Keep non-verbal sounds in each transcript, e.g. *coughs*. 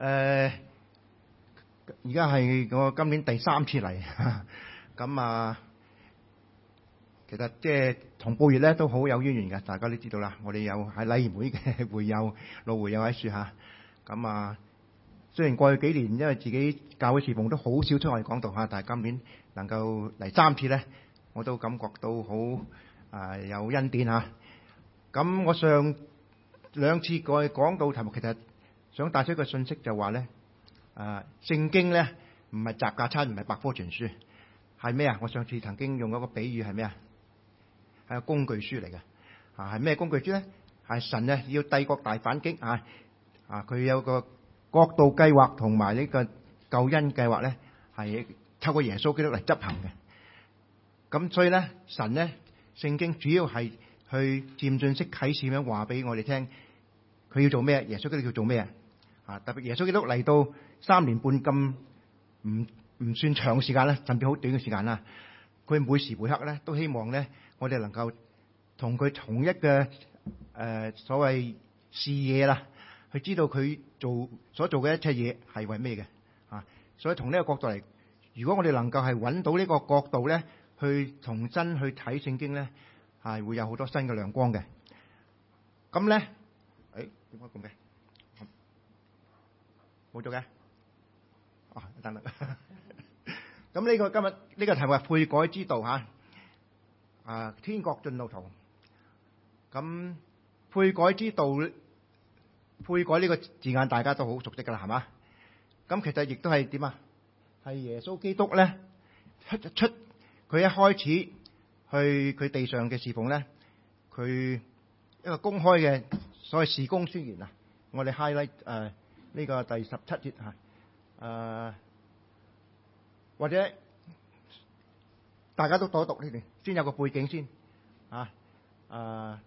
誒、呃，而家係我今年第三次嚟，咁啊，其實即係同布粵咧都好有淵源嘅，大家都知道啦。我哋有喺禮儀會嘅會友、老會友喺處嚇，咁啊，雖然過去幾年因為自己教會事務都好少出外講道嚇，但係今年能夠第三次咧，我都感覺到好啊有恩典嚇。咁、啊、我上兩次嘅講道題目其實，想帶出個信息就話咧，啊，聖經咧唔係雜架餐，唔係百科全書，係咩啊？我上次曾經用嗰個比喻係咩啊？係個工具書嚟嘅。啊係咩工具書咧？係神咧要帝國大反擊啊啊！佢、啊、有個國度計劃同埋呢個救恩計劃咧，係透過耶穌基督嚟執行嘅。咁、啊、所以咧，神咧聖經主要係去漸進式啟示咁樣話俾我哋聽，佢要做咩？耶穌基督要做咩啊？啊！特別耶穌基督嚟到三年半咁唔唔算長嘅時間咧，甚至好短嘅時間啦。佢每時每刻咧都希望咧，我哋能夠同佢同一嘅誒所謂視野啦，去知道佢做所做嘅一切嘢係為咩嘅啊！所以從呢個角度嚟，如果我哋能夠係揾到呢個角度咧，去重新去睇聖經咧，係會有好多新嘅亮光嘅。咁咧，誒、哎，點解咁嘅？冇做嘅，哦等等。咁 *laughs* 呢、這個今日呢、這個題目係悔改之道吓，啊天國進路圖。咁悔改之道，悔改呢個字眼大家都好熟悉㗎啦，係嘛？咁其實亦都係點啊？係耶穌基督咧出佢一開始去佢地上嘅侍奉咧，佢一個公開嘅所謂事工宣言啊，我哋 highlight 誒、呃。呢、這個第十七節啊，誒或者大家都多讀呢啲，先有個背景先啊，誒、啊、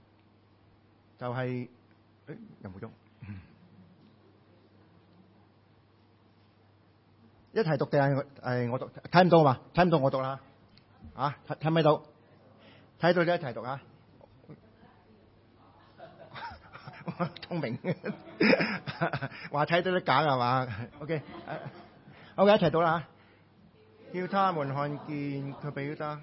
就係誒有冇中？一齊讀定係、哎、我讀，睇唔到嘛？睇唔到我讀啦，啊睇睇唔睇到？睇到就一齊讀啊！ *laughs* 聰明 *laughs* 話，話睇都得揀係嘛？O K，k 一齊到啦。叫他們看見佢彼得。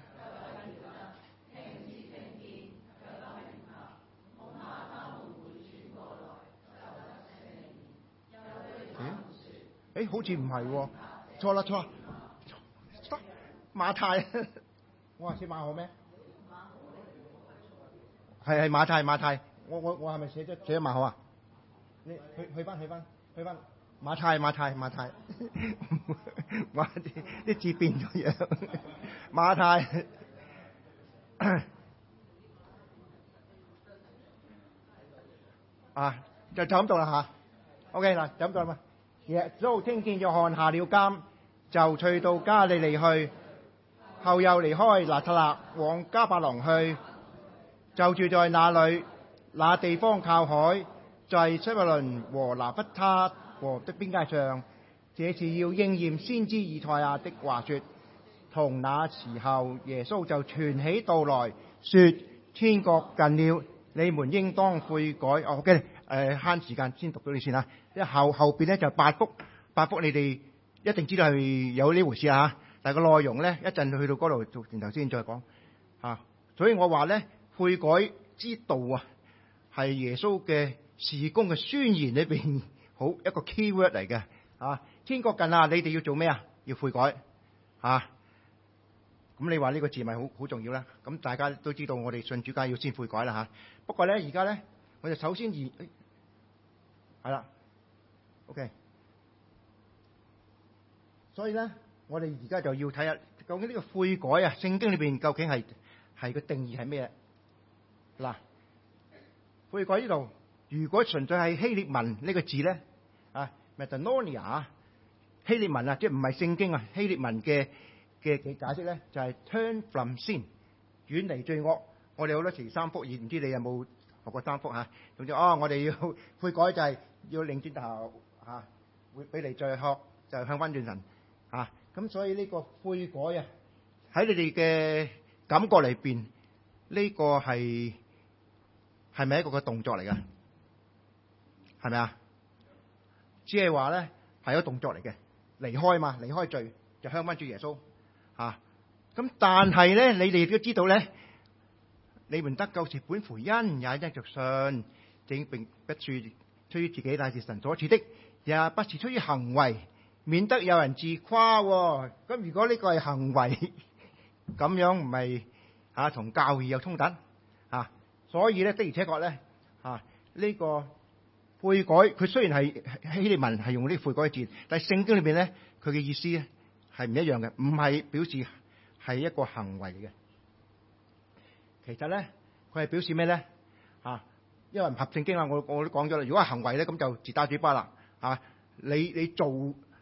嗯，誒、欸欸，好似唔係喎，錯啦錯啦，得馬太，我話似馬可咩？係係馬太馬太。馬太我我我係咪寫咗寫咗馬好啊？你去去翻去翻去翻馬太馬太馬太，啲字變咗樣。馬太 *coughs* 啊，就就咁讀、啊 okay, 啦吓 OK 嗱，就咁讀啦。耶、yeah, 穌、so, 聽見約翰下了監，就去到加利利去，後又離開拿撒勒，往迦百農去，就住在那裏。那地方靠海，在、就是、西伯倫和拿弗他和的邊界上。這是要應驗先知以賽亞的話說。同那時候，耶穌就傳起道來，說：天國近了，你們應當悔改。OK，誒、呃，慳時間先讀到你先啊。後後邊咧就八福，八福，你哋一定知道係有呢回事啊。但個內容咧，一陣去到度度，從頭先再講吓、啊，所以我話咧，悔改之道啊。係耶穌嘅事工嘅宣言裏邊，好一個 keyword 嚟嘅啊！天國近啦，你哋要做咩啊？要悔改啊！咁你話呢個字咪好好重要啦？咁大家都知道，我哋信主教要先悔改啦吓。不過咧，而家咧，我哋首先而係啦，OK。所以咧，我哋而家就要睇下究竟呢個悔改啊，聖經裏邊究竟係係個定義係咩？嗱、啊。悔改呢度，如果純粹係希列文呢個字咧，啊，metanoia，希列文啊，即係唔係聖經啊？希列文嘅嘅嘅解釋咧，就係 turn from sin，遠離罪惡。我哋好多時三福而，唔知你有冇學過三福啊？總之啊，我哋要悔改就係要擰轉頭嚇，會俾你再學，就係向翻轉神嚇。咁所以呢個悔改啊，喺你哋嘅感覺裏邊，呢個係。係咪一個嘅動作嚟噶？係咪啊？只係話咧，係一個動作嚟嘅，離開嘛，離開罪，就向翻主耶穌啊、咁但係咧，你哋亦都知道咧，你們得救是本乎恩，也因着信，正並不處出於自己，乃是神所賜的，也不是出於行為，免得有人自誇。哦。咁如果呢個係行為，咁樣唔係吓同教義又衝突。所以咧，的而且確咧，啊，呢個悔改佢雖然係希利文係用呢悔改字，但係聖經裏邊咧，佢嘅意思咧係唔一樣嘅，唔係表示係一個行為嘅。其實咧，佢係表示咩咧？啊，因為唔合聖經啦，我我都講咗啦。如果係行為咧，咁就自打嘴巴啦。啊，你你做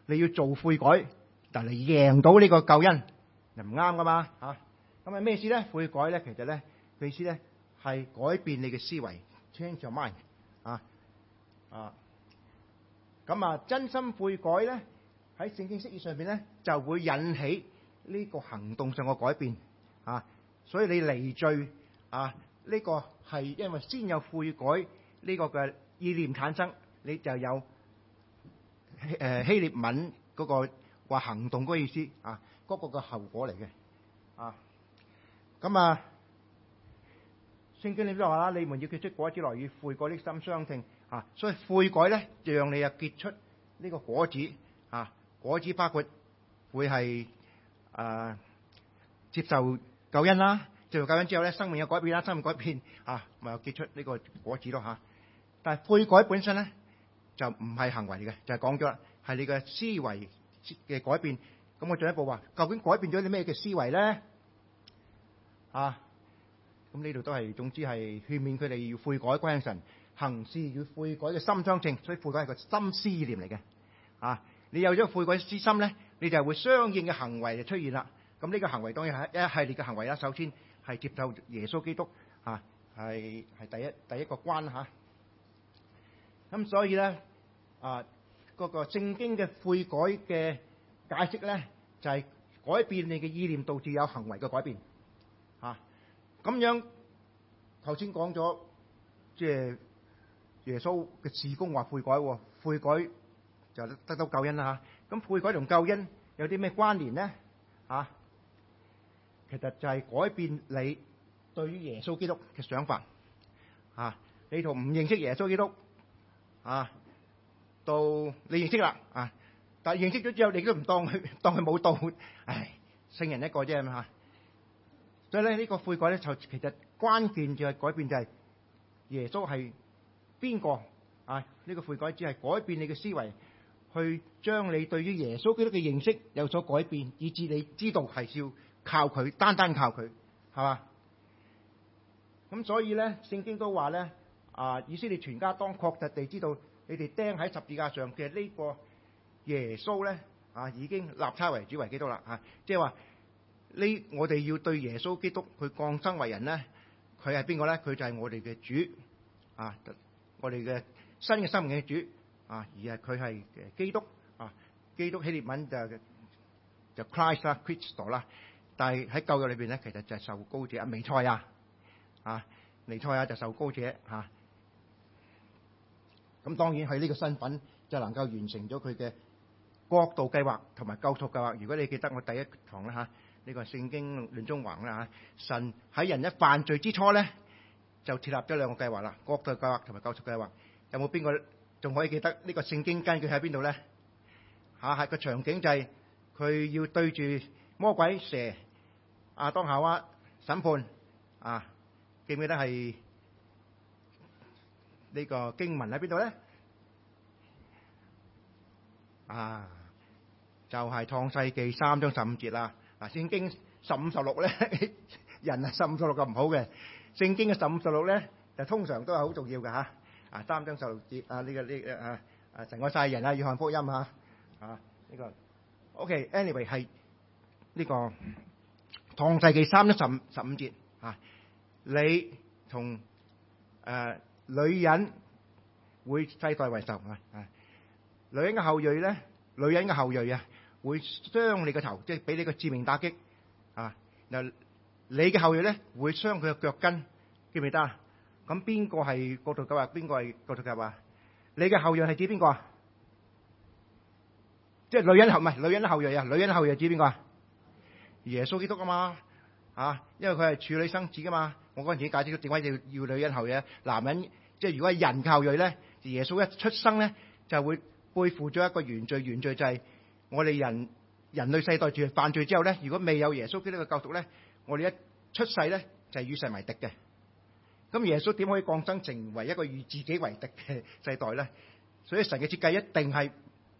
你要做悔改，但係你贏到呢個救恩，係唔啱噶嘛？嚇，咁係咩意思咧？悔改咧，其實咧，佢意思咧。係改變你嘅思維，change your mind 啊啊！咁啊，真心悔改咧，喺聖經釋義上邊咧就會引起呢個行動上嘅改變啊！所以你離罪啊，呢、這個係因為先有悔改呢個嘅意念產生，你就有希誒、呃、希臘文嗰個話行動嗰意思啊，嗰、那個嘅後果嚟嘅啊！咁啊～聖經裏面話啦，你們要結出果子來，與悔改的心相稱啊！所以悔改咧，就讓你啊結出呢個果子啊，果子包括會係誒接受救恩啦，接受救恩之後咧，生命有改變啦，生命改變啊，咪又結出呢個果子咯吓。但係悔改本身咧，就唔係行為嚟嘅，就係講咗啦，係你嘅思維嘅改變。咁我進一步話，究竟改變咗啲咩嘅思維咧？啊！咁呢度都係，總之係勸勉佢哋要悔改歸向神，行事與悔改嘅心相稱，所以悔改係個心思意念嚟嘅。啊，你有咗悔改之心咧，你就係會相應嘅行為就出現啦。咁呢個行為當然係一系列嘅行為啦。首先係接受耶穌基督，啊，係，係第一第一個關吓。咁所以咧，啊，嗰個聖經嘅悔改嘅解釋咧，就係改變你嘅意念，導致有行為嘅改變。咁樣頭先講咗，即係耶穌嘅事工話悔改，悔改就得到救恩啦吓。咁悔改同救恩有啲咩關聯咧？吓，其實就係改變你對於耶穌基督嘅想法。吓，你從唔認識耶穌基督，吓到你認識啦，啊，但係認識咗之後，你都唔當佢，當佢冇到，唉，聖人一個啫嘛。所以咧，呢個悔改咧就其實關鍵就係改變就係耶穌係邊個啊？呢個悔改只係改變你嘅思維，去將你對於耶穌基督嘅認識有所改變，以致你知道係要靠佢，單單靠佢，係嘛？咁所以咧，聖經都話咧啊，以色列全家當確實地知道你哋釘喺十字架上嘅呢個耶穌咧啊，已經立佢為主為基督啦啊，即係話。呢，我哋要對耶穌基督佢降生為人咧，佢係邊個咧？佢就係我哋嘅主啊！我哋嘅新嘅生命嘅主啊，而係佢係基督啊！基督希臘文就就 Christ 啦 Christ、啊、啦，但係喺舊約裏邊咧，其實就係受膏者彌賽亞啊啊，彌賽亞啊就受膏者嚇。咁、啊、當然喺呢個身份就能夠完成咗佢嘅國度計劃同埋救贖計劃。如果你記得我第一堂咧嚇。啊呢、這個聖經亂中橫啦、啊、吓，神喺人一犯罪之初咧，就設立咗兩個計劃啦，國度計劃同埋救贖計劃。有冇邊個仲可以記得呢個聖經根據喺邊度咧？吓、啊、個場景就係佢要對住魔鬼蛇阿、啊、當夏娃、啊、審判啊，記唔記得係呢個經文喺邊度咧？啊，就係、是、創世紀三章十五節啦。嗱，聖經十五十六咧，人啊十五十六咁唔好嘅。聖經嘅十五十六咧，就通常都係好重要嘅，吓啊，三章十六節啊，呢、這個呢個啊啊，成個世人啊，約翰福音吓啊，呢、okay, anyway, 這個 O K，anyway 係呢個創世記三章十五十五節啊，你同誒、呃、女人會世代為仇啊，啊女人嘅後裔咧，女人嘅後裔啊。女人會傷你個頭，即係俾你個致命打擊啊！嗱，你嘅後裔咧，會傷佢嘅腳跟，記唔記得啊？咁邊個係國度嘅啊？邊個係國度嘅啊？你嘅後裔係指邊個啊？即係女人後唔係女人嘅後裔啊！女人嘅後裔指邊個啊？耶穌基督啊嘛啊！因為佢係處女生子噶嘛。我嗰陣時解釋咗點解要要女人後裔，男人即係如果係人後裔咧，耶穌一出生咧就會背負咗一個原罪，原罪就係。我哋人人類世代住犯罪之後咧，如果未有耶穌基督嘅救贖咧，我哋一出世咧就係與世為敵嘅。咁耶穌點可以降生成為一個與自己為敵嘅世代咧？所以神嘅設計一定係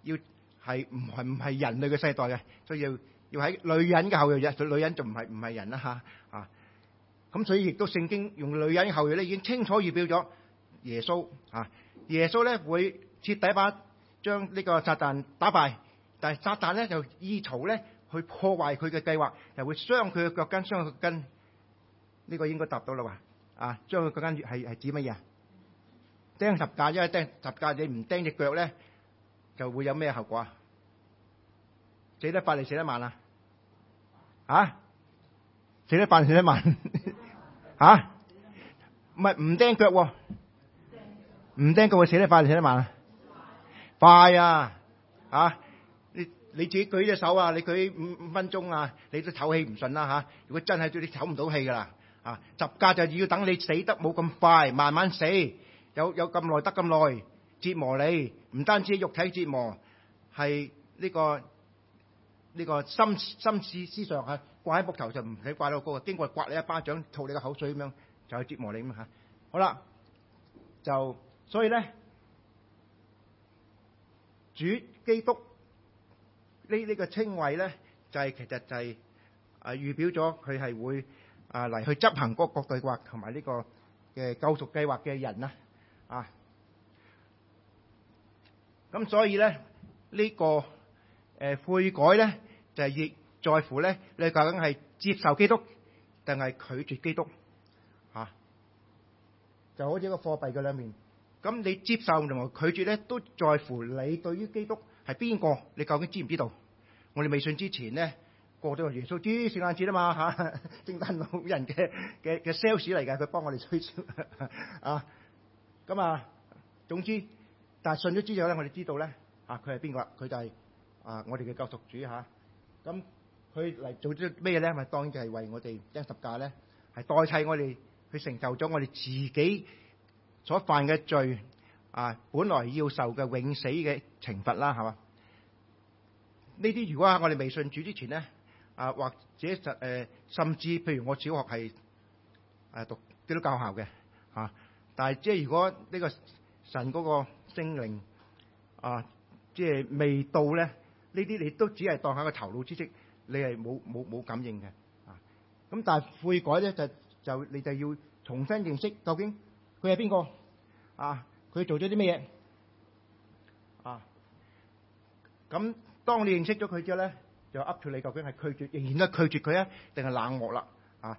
要係唔係唔係人類嘅世代嘅，所以要要喺女人嘅後裔啫，入，女人就唔係唔係人啦吓啊。咁所以亦都聖經用女人後裔咧，已經清楚預表咗耶穌啊。耶穌咧會徹底把將呢個撒旦打敗。但係撒旦咧就意圖咧去破壞佢嘅計劃，又會傷佢嘅腳跟，傷佢腳跟。呢、這個應該答到啦，喎。啊，傷佢腳跟係係指乜嘢啊？釘十架，因為釘十架，你唔釘隻腳咧，就會有咩後果啊？死得快你死得慢啊？啊？死得快定死得慢啊？啊？唔係唔釘腳、啊，唔釘腳會、啊啊、死得快定死得慢啊？快啊？啊？你自己舉隻手啊！你舉五五分鐘啊！你都唞氣唔順啦嚇！如果真係對你唞唔到氣㗎啦啊！集家就要等你死得冇咁快，慢慢死。有有咁耐得咁耐折磨你，唔單止肉體折磨，係呢個呢個心心事思想係掛喺膊頭就唔使掛到高啊！經過刮你一巴掌，吐你個口水咁樣就去折磨你咁啊嚇！好啦，就所以咧，主基督。這個、稱呢呢個稱謂咧，就係其實就係啊預表咗佢係會啊嚟去執行嗰個國度計劃同埋呢個嘅救贖計劃嘅人啦，啊，咁所以咧呢、這個誒、呃、悔改咧，就係、是、亦在乎咧，你究竟係接受基督定係拒絕基督啊？就好似個貨幣嘅兩面，咁你接受同埋拒絕咧，都在乎你對於基督。係邊個？你究竟知唔知道？我哋未信之前咧，過咗個耶穌之聖誕節啊嘛嚇，聖誕老人嘅嘅嘅 sales 嚟㗎，佢幫我哋推銷啊。咁啊，總之，但係信咗之後咧，我哋知道咧，啊，佢係邊個啦？佢就係、係、啊，我哋嘅救贖主嚇。咁佢嚟做咗咩咧？咪當然就係為我哋釘十架咧，係代替我哋去承受咗我哋自己所犯嘅罪。啊！本來要受嘅永死嘅懲罰啦，係嘛？呢啲如果喺我哋未信主之前咧，啊或者誒、呃，甚至譬如我小學係誒讀基督教校嘅嚇，但係即係如果呢個神嗰個聖靈啊，即係未到咧，呢啲你都只係當下個頭腦知識，你係冇冇冇感應嘅啊。咁但係悔改咧，就就你就要重新認識，究竟佢係邊個啊？佢做咗啲乜嘢？啊，咁當你認識咗佢之後咧，就 up to 你究竟係拒絕，仍然都拒絕佢啊，定係冷漠啦？啊，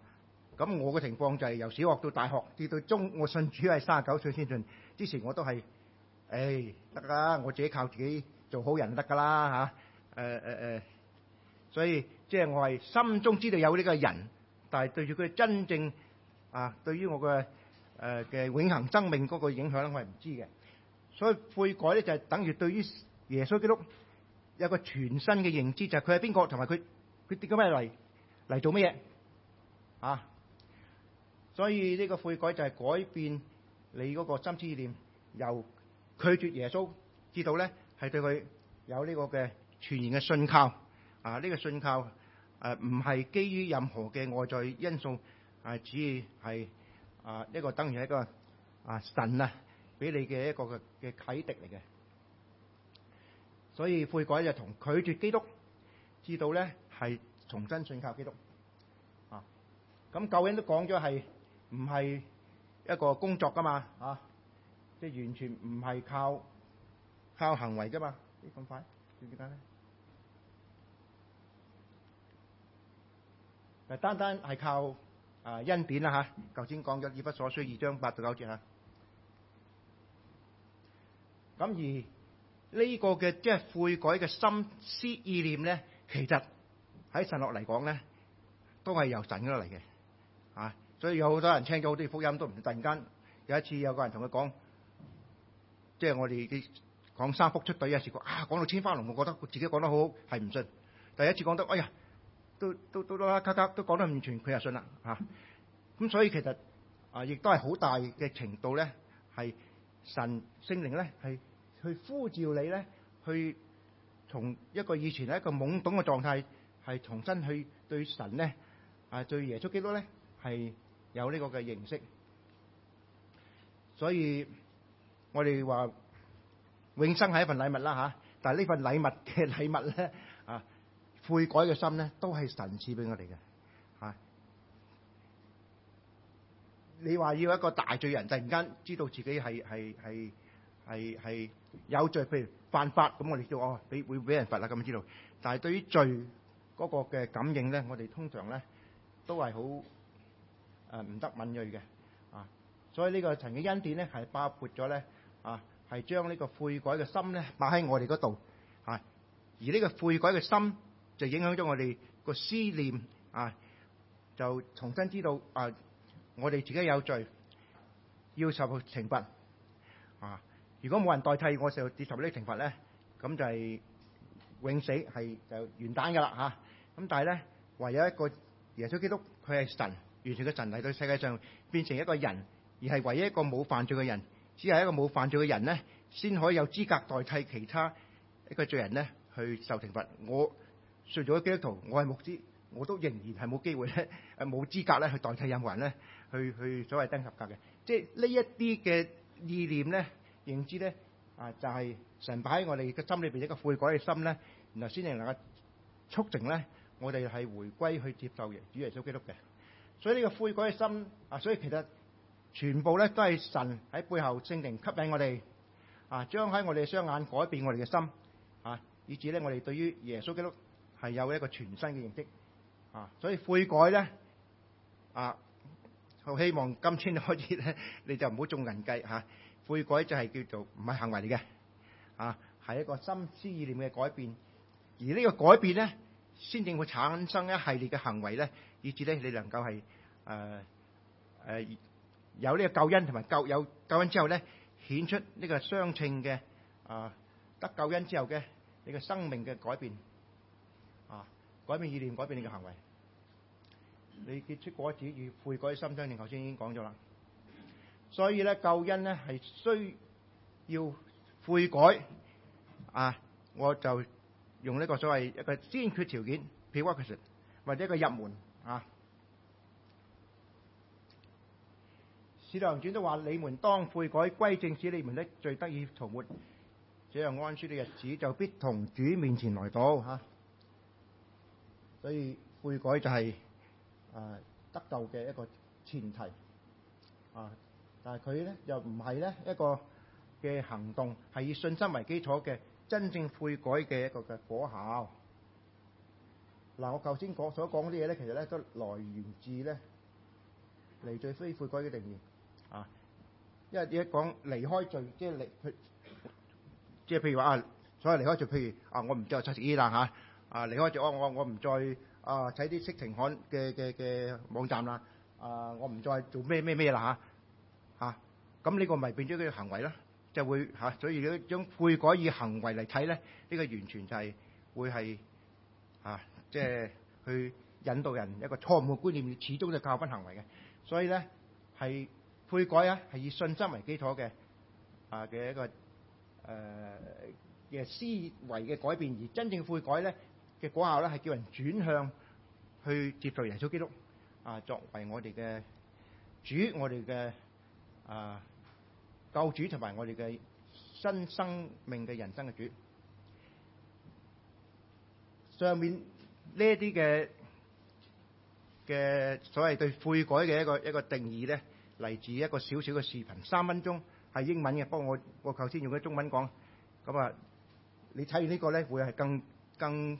咁我嘅情況就係、是、由小學到大學，至到中，我信主係十九卅九歲先進。之前我都係，誒得啦，我自己靠自己做好人得㗎啦嚇。誒誒誒，所以即係我係心中知道有呢個人，但係對住佢真正啊，對於我嘅。誒嘅永恒生命嗰個影響，咧，我係唔知嘅。所以悔改咧就係等於對於耶穌基督有個全新嘅認知，就係佢係邊個，同埋佢佢點咗咩嚟嚟做乜嘢啊？所以呢個悔改就係改變你嗰個心思意念，由拒絕耶穌，至到咧係對佢有呢個嘅全然嘅信靠啊！呢個信靠誒唔係基於任何嘅外在因素，啊，主要係。啊！呢個等於一個啊神啊，俾你嘅一個嘅嘅啟迪嚟嘅，所以悔改就同拒絕基督至到咧係重新信靠基督啊！咁究竟都講咗係唔係一個工作噶嘛啊，即係完全唔係靠靠行為啫嘛，咁快記唔記得咧？誒，單單係靠。啊，恩典啦吓，頭先講咗以弗所書二章八到九節嚇。咁、啊、而呢個嘅即係悔改嘅心思意念咧，其實喺神落嚟講咧，都係由神落嚟嘅。啊，所以有好多人聽咗好多啲福音都唔，突然間有一次有個人同佢講，即、就、係、是、我哋啲講三福出隊嘅時候啊，講到千花龍我覺得自己講得好係唔信，第一次講得哎呀～都都都啦，都講得唔完全，佢又信啦，咁、啊、所以其實啊，亦都係好大嘅程度咧，係神聖靈咧，係去呼召你咧，去從一個以前一個懵懂嘅狀態，係重新去對神咧，啊對耶穌基督咧，係有呢個嘅認識。所以我哋話永生係一份禮物啦嚇、啊，但呢份禮物嘅禮物咧。悔改嘅心咧，都係神賜俾我哋嘅。吓，你話要一個大罪人，突然間知道自己係係係係係有罪，譬如犯法咁，我哋就哦，你會俾人罰啦咁知道。但係對於罪嗰個嘅感應咧，我哋通常咧都係好誒唔得敏銳嘅。啊，所以呢個神嘅恩典咧，係包括咗咧啊，係將呢個悔改嘅心咧，擺喺我哋嗰度啊。而呢個悔改嘅心。就影響咗我哋個思念啊！就重新知道啊，我哋自己有罪，要受懲罰啊！如果冇人代替我受接受呢啲懲罰咧，咁就係永死，係就完蛋噶啦嚇。咁、啊、但係咧，唯有一個耶穌基督，佢係神，完全嘅神嚟到世界上變成一個人，而係唯一一個冇犯罪嘅人。只係一個冇犯罪嘅人咧，先可以有資格代替其他一個罪人咧去受懲罰。我。說咗基督徒，我係牧師，我都仍然係冇機會咧，係冇資格咧去代替任何人咧去去所謂登合格嘅。即係呢一啲嘅意念咧、認知咧啊，就係、是、神擺喺我哋嘅心裏邊一個悔改嘅心咧，然後先至能夠促成咧我哋係回歸去接受耶穌基督嘅。所以呢個悔改嘅心啊，所以其實全部咧都係神喺背後聖靈吸引我哋啊，將喺我哋嘅雙眼改變我哋嘅心啊，以至咧我哋對於耶穌基督，係有一個全新嘅認識啊，所以悔改咧啊，好希望今次開始咧，你就唔好中人計吓，悔改就係叫做唔係行為嚟嘅啊，係一個心思意念嘅改變，而呢個改變咧，先正會產生一系列嘅行為咧，以至咧你能夠係誒誒有呢個救恩同埋救有救恩之後咧，顯出呢個相稱嘅啊得救恩之後嘅你嘅生命嘅改變。改變意念，改變你嘅行為。你結出果子，與悔改心，張健頭先已經講咗啦。所以咧，救恩咧係需要悔改。啊，我就用呢個所謂一個先決條件 （pre-requisite） 或者一個入門啊。使徒行傳都話：你們當悔改歸正，使你們的罪得以塗抹，這樣安舒的日子就必同主面前來到。吓。所以悔改就係、是、啊得救嘅一個前提啊，但係佢咧又唔係咧一個嘅行動，係以信心為基礎嘅真正悔改嘅一個嘅果效。嗱、啊，我頭先講所講啲嘢咧，其實咧都來源自咧離罪非悔改嘅定義啊，因為而家講離開罪，即係離佢，即係譬如話啊，所謂離開罪，譬如啊，我唔知再食煙啦嚇。啊！離開咗我，我唔再啊！睇啲色情刊嘅嘅嘅網站啦。啊！我唔再做咩咩咩啦嚇嚇。咁呢、啊、個咪變咗啲行為啦，就會嚇、啊。所以如果將悔改以行為嚟睇咧，呢、啊啊這個完全就係會係嚇，即係去引導人一個錯誤嘅觀念，始終就教訓行為嘅。所以咧，係悔改啊，係以信心為基礎嘅啊嘅一個誒嘅、呃啊、思維嘅改變，而真正悔改咧。嘅果效咧，係叫人轉向去接受耶穌基督啊，作為我哋嘅主，我哋嘅啊救主，同埋我哋嘅新生命嘅人生嘅主。上面呢一啲嘅嘅所謂對悔改嘅一個一個定義咧，嚟自一個小小嘅視頻，三分鐘係英文嘅，不過我我頭先用咗中文講，咁啊，你睇完呢個咧會係更更。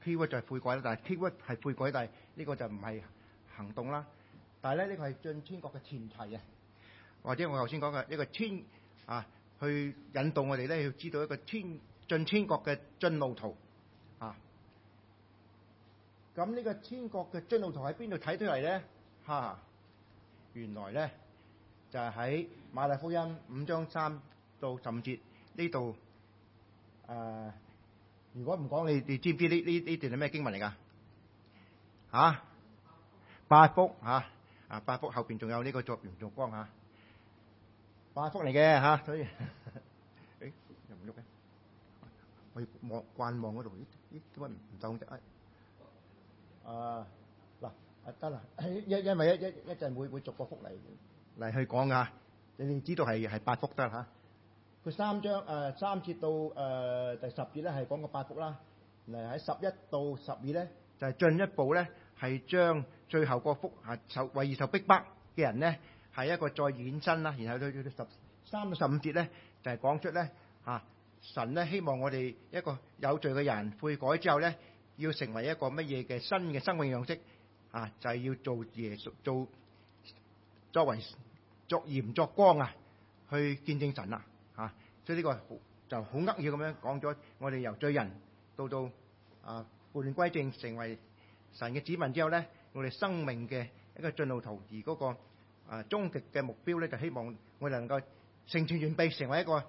key word 就係悔改啦，但係 key word 係悔改，但係呢個就唔係行動啦。但係咧，呢、這個係進天國嘅前提啊，或者我頭先講嘅呢個天啊，去引導我哋咧，要知道一個天進天國嘅進路圖啊。咁呢個天國嘅進路圖喺邊度睇出嚟咧？吓、啊，原來咧就係、是、喺馬大福音五章三到十五節呢度誒。如果唔講，你你知唔知呢呢呢段係咩經文嚟㗎？嚇，八福嚇，啊八福後邊仲有呢個作鹽作光嚇，八福嚟嘅嚇。所以，誒又唔喐嘅，我要望慣望嗰度，咦咦點解唔唔走啫？啊嗱，得啦，因因為一一一陣會會逐個福利嚟去講㗎，你你知道係係八福得嚇，佢三章誒、呃、三節到誒、呃、第十節咧係講個八福啦，嚟喺十一到十二咧就係、是、進一步咧係將最後個福啊受為義、受逼迫嘅人咧係一個再衍伸啦，然後到到十三十五節咧就係、是、講出咧吓、啊、神咧希望我哋一個有罪嘅人悔改之後咧要成為一個乜嘢嘅新嘅生命樣式啊就係、是、要做耶穌做作為作鹽作光啊，去見證神啊！所以呢個就好噏嘢咁樣講咗，我哋由罪人到到啊叛亂歸正，成為神嘅子民之後咧，我哋生命嘅一個進路圖，而嗰個啊終極嘅目標咧，就希望我哋能夠成全完備，成為一個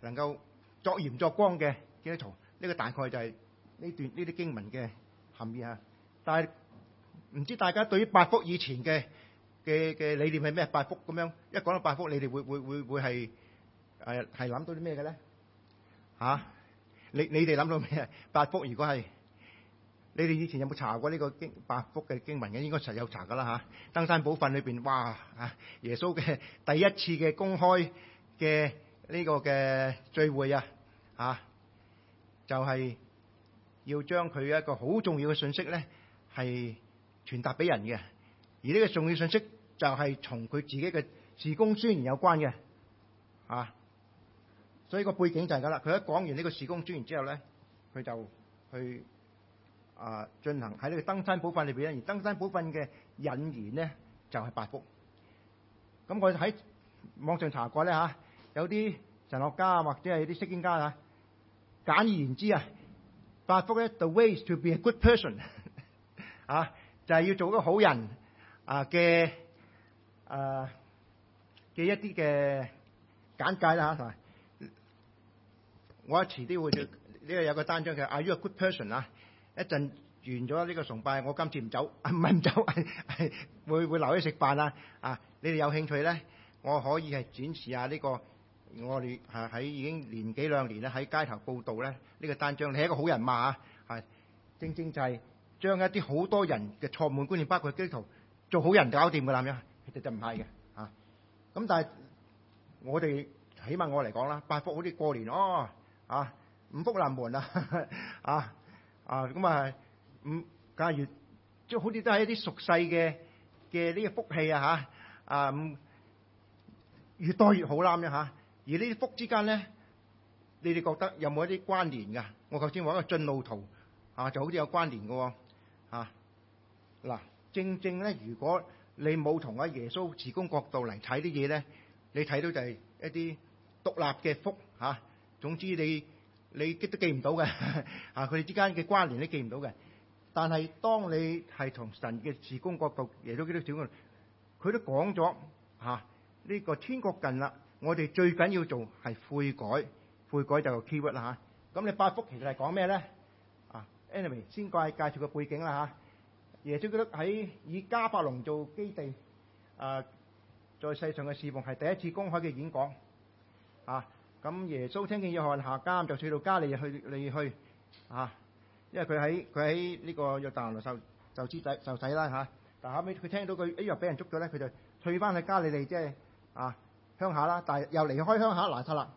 能夠作鹽作光嘅基督徒。呢個大概就係呢段呢啲經文嘅含義啊。但係唔知大家對於八福以前嘅嘅嘅理念係咩？八福，咁樣一講到八福，你哋會會會會係？係係諗到啲咩嘅咧？嚇、啊！你你哋諗到咩？八福如果係你哋以前有冇查過呢個經八福嘅經文嘅？應該實有查噶啦嚇。登、啊、山寶訓裏邊，哇嚇、啊！耶穌嘅第一次嘅公開嘅呢個嘅聚會啊嚇、啊，就係、是、要將佢一個好重要嘅信息咧，係傳達俾人嘅。而呢個重要信息就係從佢自己嘅事工宣言有關嘅，啊！所以個背景就係咁啦。佢一講完呢個事工宣言之後咧，佢就去啊進行喺呢個登山寶訓裏邊咧。而登山寶訓嘅引言咧就係、是、八福。咁我喺網上查過咧嚇、啊，有啲神學家或者係啲釋經家啊。簡而言之啊，八福咧，the ways to be a good person *laughs* 啊，就係、是、要做一個好人嘅啊嘅啊嘅一啲嘅簡介啦嚇同埋，啊。我遲啲會呢個有個單張嘅，Are you a good person 啊！一陣完咗呢個崇拜，我今次唔走，唔係唔走，係 *laughs* 係會，會留喺食飯啊！啊，你哋有興趣咧，我可以係展示下呢、呢個我哋啊喺已經年幾兩年咧喺街頭報道咧呢、呢個單張，你係一個好人嘛嚇！正正就係將一啲好多人嘅錯誤觀念，包括基督徒做好人搞掂嘅男人，就就唔係嘅嚇。咁、啊、但係我哋起碼我嚟講啦，八福好似過年哦～啊，五福臨門啊！啊啊咁啊，五梗係即係好似都係一啲熟悉嘅嘅呢個福氣啊吓，啊越多越好啦咁樣嚇。而呢啲福之間咧，你哋覺得有冇一啲關聯㗎？我頭先畫一個進路圖啊，就好似有關聯㗎喎。嗱，正正咧，如果你冇同阿耶穌自公角度嚟睇啲嘢咧，你睇到就係一啲獨立嘅福嚇。啊總之，你你記都記唔到嘅嚇，佢哋之間嘅關聯都記唔到嘅。但係當你係同神嘅事工角度，耶穌基督點啊？佢都講咗嚇，呢個天國近啦。我哋最緊要做係悔改，悔改就係 keynote 啦嚇。咁你八福其實係講咩咧？啊，Anyway 先介介紹個背景啦嚇。耶穌基督喺以加百隆做基地，啊，在世上嘅事奉係第一次公開嘅演講，啊。咁耶穌聽見約翰下監，就退到加利利去，你去啊！因為佢喺佢喺呢個約旦拿就知仔就仔啦嚇。但係後尾佢聽到佢一又俾人捉咗咧，佢就退翻去加利利，即係啊鄉下啦。但係又離開鄉下，拿撒勒。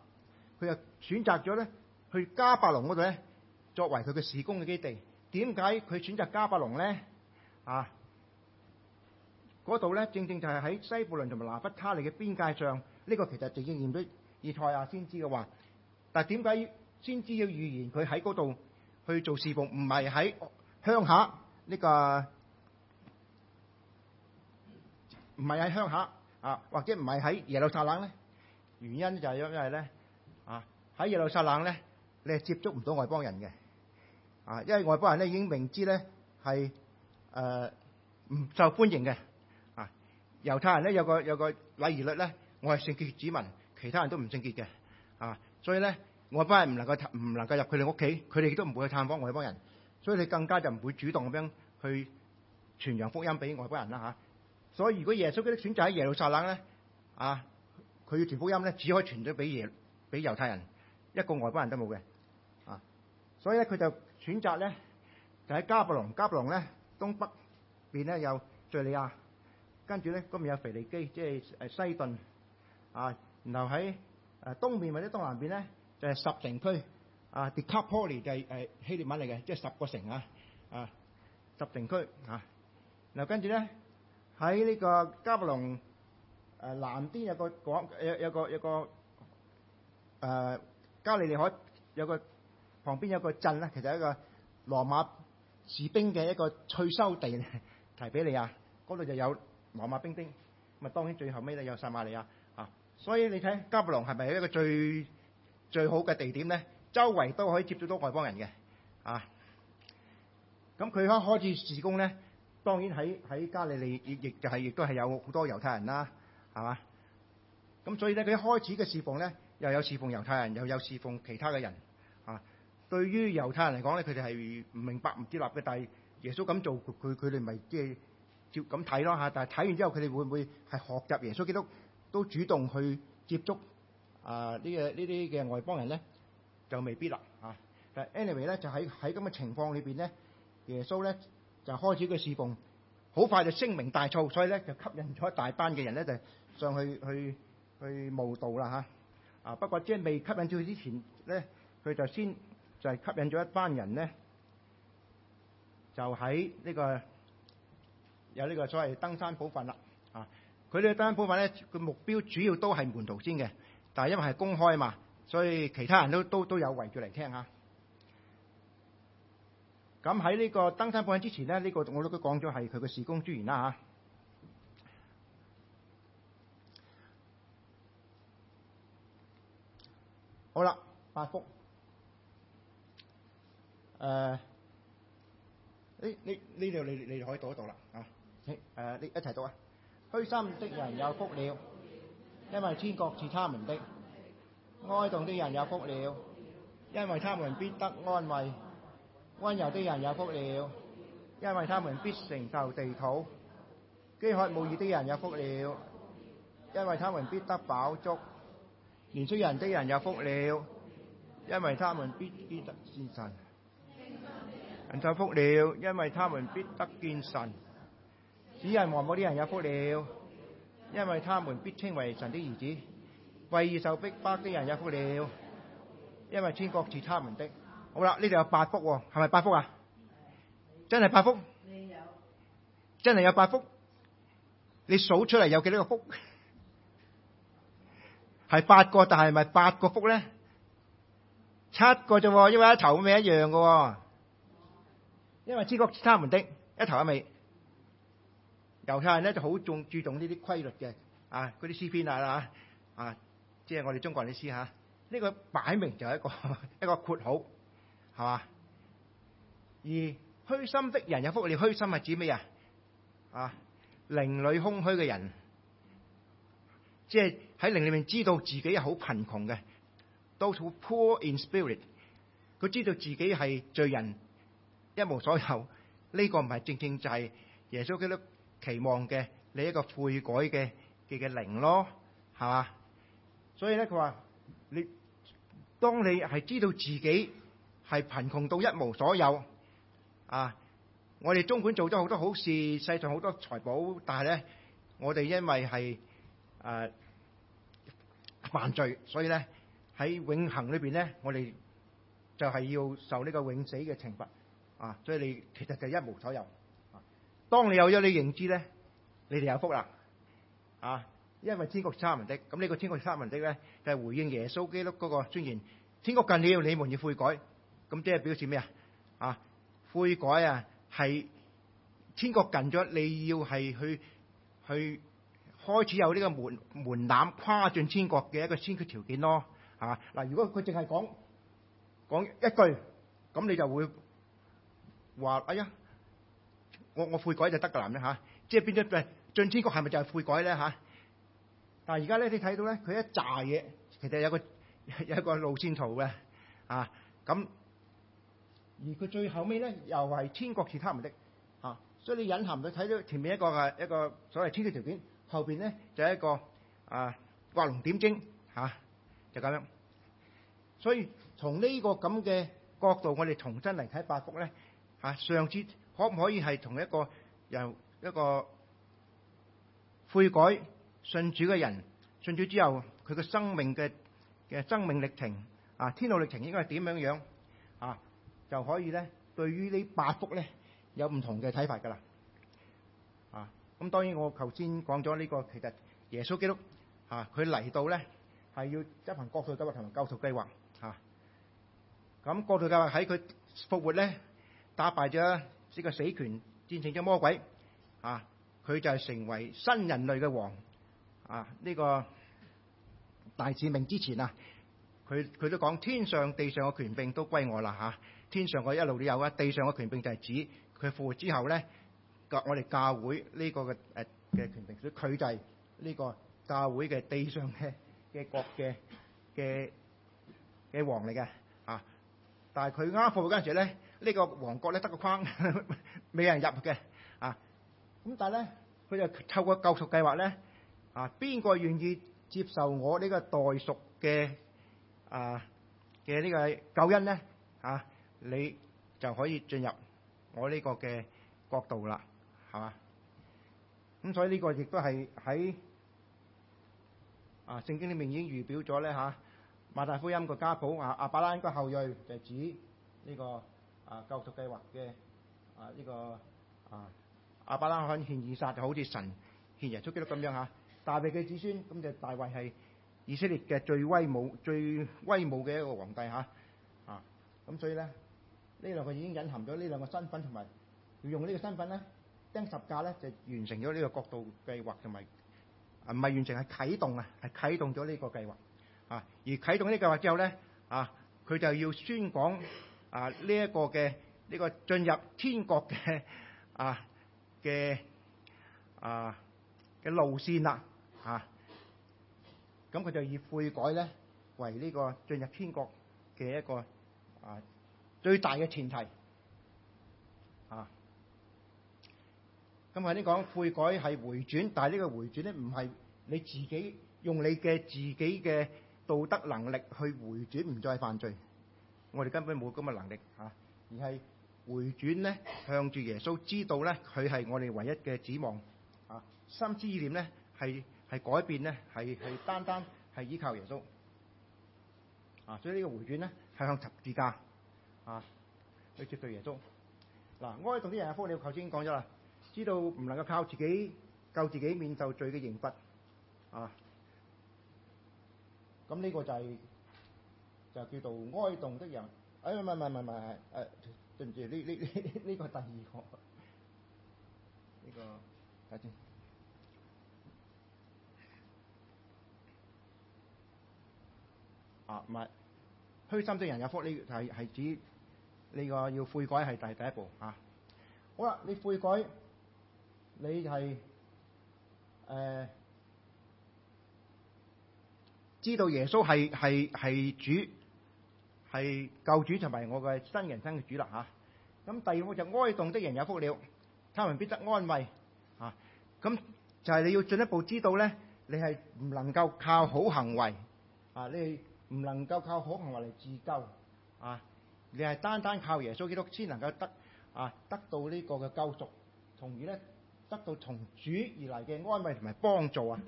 佢就選擇咗咧去加百隆嗰度咧，作為佢嘅事工嘅基地。點解佢選擇加百隆咧？啊，嗰度咧正正就係喺西布倫同埋拿弗他利嘅邊界上。呢、呢個其實正正應驗咗。而以賽亞先知嘅話。但點解先知要預言佢喺嗰度去做侍奉，唔係喺鄉下呢個唔係喺鄉下啊，或者唔係喺耶路撒冷咧？原因就係因為咧啊喺耶路撒冷咧，你係接觸唔到外邦人嘅啊，因為外邦人咧已經明知咧係誒唔受歡迎嘅啊。猶太人咧有個有個禮儀律咧，我係聖潔子民。其他人都唔清潔嘅啊，所以咧，外邦人唔能夠唔能夠入佢哋屋企，佢哋亦都唔會去探訪外邦人，所以你更加就唔會主動咁樣去傳揚福音俾外邦人啦嚇、啊。所以如果耶穌基督選擇喺耶路撒冷咧啊，佢要傳福音咧，只可以傳咗俾耶俾猶太人，一個外邦人都冇嘅啊。所以咧，佢就選擇咧就喺加布隆，加布隆咧東北邊咧有敍利亞，跟住咧嗰邊有腓尼基，即係誒西頓啊。然後喺東面或者東南邊咧，就係、是、十城區啊，Decapolis 就係希臘文嚟嘅，即、就、係、是、十個城啊，城啊，十城區然嗱跟住咧，喺呢個加布隆、呃、南邊有個廣有有，有個有個誒、呃、加利利海有個旁邊有個鎮咧，其實一個羅馬士兵嘅一個退修地提比利亞啊，嗰度就有羅馬兵丁，咪當然最後尾咧有撒馬利亞。所以你睇加布隆係咪一個最最好嘅地點咧？周圍都可以接接到外邦人嘅啊。咁佢開開始事工咧，當然喺喺加利利亦亦係亦都係有好多猶太人啦，係嘛？咁所以咧，佢一開始嘅侍奉咧，又有侍奉猶太人，又有侍奉其他嘅人啊。對於猶太人嚟講咧，佢哋係唔明白唔接納嘅，但係耶穌咁做，佢佢哋咪即係照咁睇咯吓。但係睇完之後，佢哋會唔會係學習耶穌基督？都主動去接觸啊呢嘅呢啲嘅外邦人咧，就未必啦、啊、anyway，咧就喺喺咁嘅情況裏邊咧，耶穌咧就開始佢侍奉，好快就聲名大噪，所以咧就吸引咗一大班嘅人咧就上去去去佈道啦嚇。啊不過即係未吸引咗佢之前咧，佢就先就係吸引咗一班人咧，就喺呢、這個有呢個所謂登山寶訓啦。佢哋個登山寶訓咧，個目標主要都係門徒先嘅，但係因為係公開啊嘛，所以其他人都都都有圍住嚟聽吓、啊，咁喺呢個登山寶訓之前咧，呢、這個我都講咗係佢嘅時工諸緣啦吓，好啦，八福，誒、呃，呢呢呢度你你,你,你可以讀一讀啦嚇。你誒，一齊讀啊！虛心的人有福了，因為天國是他們的；哀慟的人有福了，因為他們必得安慰；温柔的人有福了，因為他們必承受地土；飢渴慕義的人有福了，因為他們必得飽足；憐恤人的人有福了，因為他們必必得見神；人就福了，因為他們必得見神。使人和睦的人有福了，因為他們必稱為神的兒子；義為受逼迫的人有福了，因為天國是他們的。好啦，呢度有八福喎、哦，係咪八福啊？真係八福？真係有八福？你數出嚟有幾多個福？係八個，但係咪八個福咧？七個啫，因為一頭咪一樣噶，因為天國是他們的，一頭一尾。猶太人咧就好重注重呢啲規律嘅，啊，嗰啲詩篇啦啊，即、啊、係、啊就是、我哋中國人啲詩吓，呢、啊這個擺明就係一個呵呵一個括號，係嘛？而虛心的人有福利，虛心係指乜嘢？啊，靈裏空虛嘅人，即係喺靈裏面知道自己好貧窮嘅，都好 poor in spirit，佢知道自己係罪人，一無所有，呢、這個唔係正正就係耶穌基督。期望嘅你一個悔改嘅嘅嘅靈咯，係嘛？所以咧，佢話你當你係知道自己係貧窮到一無所有啊！我哋中管做咗好多好事，世上好多財寶，但係咧，我哋因為係誒犯罪，所以咧喺永恆裏邊咧，我哋就係要受呢個永死嘅懲罰啊！所以你其實就是一無所有。當你有咗你認知咧，你哋有福啦，啊！因為天國差民的，咁呢個天國差民的咧，就係回應耶穌基督嗰個宣言：天國近了，你要，你們要悔改。咁即係表示咩啊？啊，悔改啊，係天國近咗，你要係去去開始有呢個門門檻跨進天國嘅一個先決條件咯，係嘛？嗱，如果佢淨係講講一句，咁你就會話哎呀。我我悔改就得噶啦，咁、啊、啫即係變咗嘅。啊進天國係咪就係悔改咧、啊、但係而家咧，你睇到咧，佢一炸嘢，其實有一個有一個路線圖嘅啊咁。而佢最後尾咧，又係天國其他目的啊，所以你隱含佢睇到前面一個、啊、一個所謂先決條件，後邊咧就係一個啊畫龍點睛嚇、啊，就咁樣。所以從呢個咁嘅角度，我哋重新嚟睇八福咧，上次。可唔可以係同一個由一個悔改信主嘅人信主之後，佢嘅生命嘅嘅生命歷程啊，天路歷程應該係點樣樣啊？就可以咧，對於呢八福咧，有唔同嘅睇法㗎喇啊！咁當然我頭先講咗呢個，其實耶穌基督啊，佢嚟到咧係要執行國度計劃同埋救度計劃啊！咁國度計劃喺佢復活咧，打敗咗。呢個死權戰勝咗魔鬼啊！佢就係成為新人類嘅王啊！呢、這個大使命之前啊，佢佢都講天上地上嘅權柄都歸我啦嚇、啊！天上嘅一路都有啊，地上嘅權柄就係指佢復活之後咧，教我哋教會呢個嘅誒嘅權柄，所以佢就係呢個教會嘅地上嘅嘅國嘅嘅嘅王嚟嘅啊！但係佢啱復活嗰陣時咧。呢、這個王國咧得個框，未人入嘅啊！咁但係咧，佢就透過救贖計劃咧，啊邊個願意接受我呢個代贖嘅啊嘅呢個救恩咧？啊，你就可以進入我呢個嘅國度啦，係嘛？咁所以呢個亦都係喺啊聖經裏面已經預表咗咧嚇，馬太福音個家譜啊，亞伯拉罕嘅後裔就指呢、這個。啊，救贖計劃嘅啊呢、這個啊亞伯拉罕獻以撒就好似神獻耶穌基督咁樣吓、啊，大衛嘅子孫咁就大衛係以色列嘅最威武、最威武嘅一個皇帝吓啊，咁、啊、所以咧呢兩個已經隱含咗呢兩個身份，同埋要用呢個身份咧釘十架咧就完成咗呢個國度計劃，同埋啊唔係完成係啟動啊，係啟動咗呢個計劃啊，而啟動呢計劃之後咧啊，佢就要宣講。啊！呢一個嘅呢個進入天國嘅啊嘅啊嘅路線啦，啊咁佢就以悔改咧為呢個進入天國嘅一個啊最大嘅前提啊。咁或者講悔改係回轉，但係呢個回轉咧唔係你自己用你嘅自己嘅道德能力去回轉，唔再犯罪。我哋根本冇咁嘅能力嚇，而係回轉咧，向住耶穌，知道咧佢係我哋唯一嘅指望嚇。心思意念咧，係係改變咧，係係單單係依靠耶穌啊！所以呢個回轉咧係向十字架啊，去絕對耶穌嗱。哀痛啲人啊，福音我頭先已經講咗啦，知道唔能夠靠自己救自己免受罪嘅刑罰啊！咁、這、呢個就係、是。就叫做哀慟的人，哎唔係唔係唔係唔係，誒，對唔住呢呢呢呢個第二個，呢個等下先。啊唔係，虛心的人有福，呢係係指呢個要悔改係第第一步啊。好啦，你悔改，你係誒、呃、知道耶穌係係係主。係救主同埋我嘅新人生嘅主啦，吓，咁第二個就哀慟的人有福了，他們必得安慰，吓，咁就係你要進一步知道咧，你係唔能夠靠好行為啊，你唔能夠靠好行為嚟自救，啊，你係單單靠耶穌基督先能夠得啊，得到呢個嘅救贖，從而咧得到從主而嚟嘅安慰同埋幫助啊，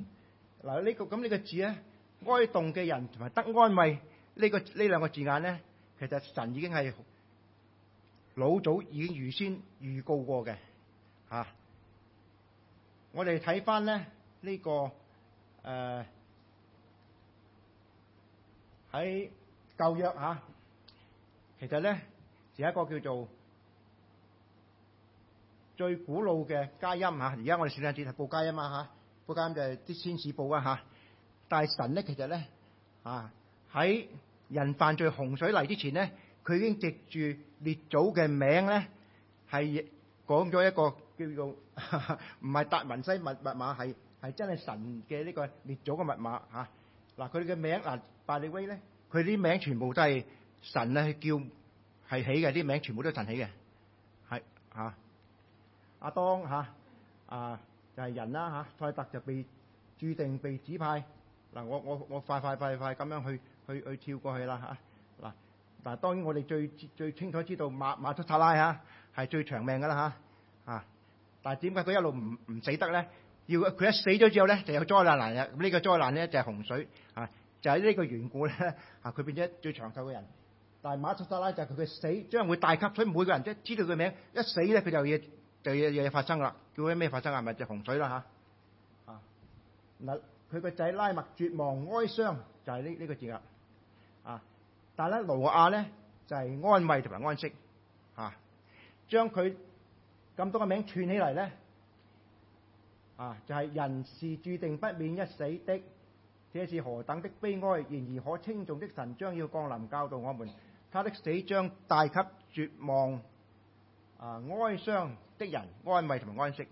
嗱呢個咁呢個字咧，哀慟嘅人同埋得安慰。呢、這個呢兩個字眼咧，其實神已經係老早已經預先預告過嘅，啊、我哋睇翻咧呢、這個誒喺舊約嚇，啊，其實咧有一個叫做最古老嘅佳音嚇。而、啊、家我哋少數字係報佳音嘛嚇，高、啊、就係啲先士報啊嚇。但係神咧其實咧啊喺。人犯罪洪水嚟之前咧，佢已經藉住列祖嘅名咧，係講咗一個叫做唔係達文西密密碼，係係真係神嘅呢個列祖嘅密碼吓。嗱、啊。佢嘅名嗱，巴、啊、利威咧，佢啲名全部都係神啊叫係起嘅，啲名全部都係神起嘅，係吓阿當吓啊，啊就係、是、人啦吓。賽、啊、特就被注定被指派嗱、啊。我我我快快快快咁樣去。去去跳過去啦，嚇！嗱、啊、嗱，當然我哋最最清楚知道馬馬土撒拉嚇係、啊、最長命噶啦嚇嚇，但係點解佢一路唔唔死得咧？要佢一死咗之後咧，就有災難嚟嘅。咁、這、呢個災難咧就係、是、洪水嚇、啊，就係、是、呢個緣故咧嚇，佢、啊、變咗最長壽嘅人。但係馬土撒拉就係佢嘅死將會大級，所以每個人即係知道佢名一死咧，佢就要就要嘢發生啦。叫咩咩發生係咪就是、洪水啦嚇？啊嗱，佢個仔拉麥絕望哀傷就係呢呢個字啦。但咧，羅亞咧就係、是、安慰同埋安息。嚇、啊，將佢咁多個名串起嚟咧，啊，就係、是、人是注定不免一死的，這是何等的悲哀！然而可稱重的神將要降臨，教導我們，他的死將帶給絕望啊哀傷的人安慰同埋安息。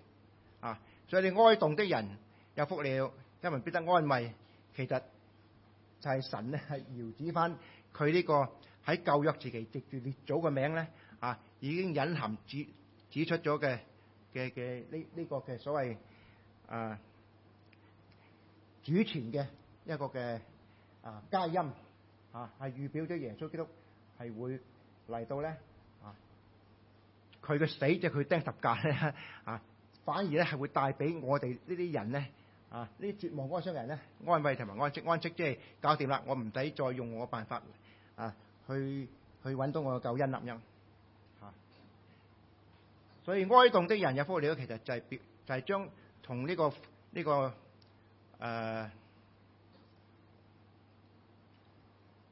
啊，所以你哀慟的人有福了，因為必得安慰。其實就係神咧，係搖指翻。佢呢個喺舊約時期直接列祖嘅名咧，啊，已經隱含指指出咗嘅嘅嘅呢呢個嘅所謂誒、啊、主前嘅一個嘅啊佳音，啊係預表咗耶穌基督係會嚟到咧，啊佢嘅死就佢釘十字架咧，啊反而咧係會帶俾我哋呢啲人咧，啊呢啲絕望哀傷人咧，安慰同埋安息，安息即係搞掂啦，我唔使再用我嘅辦法。啊，去去揾到我嘅救恩立恩，吓，所以哀慟的人有福了，其實就係、是、就係、是、將同呢、這個呢、這個誒、呃、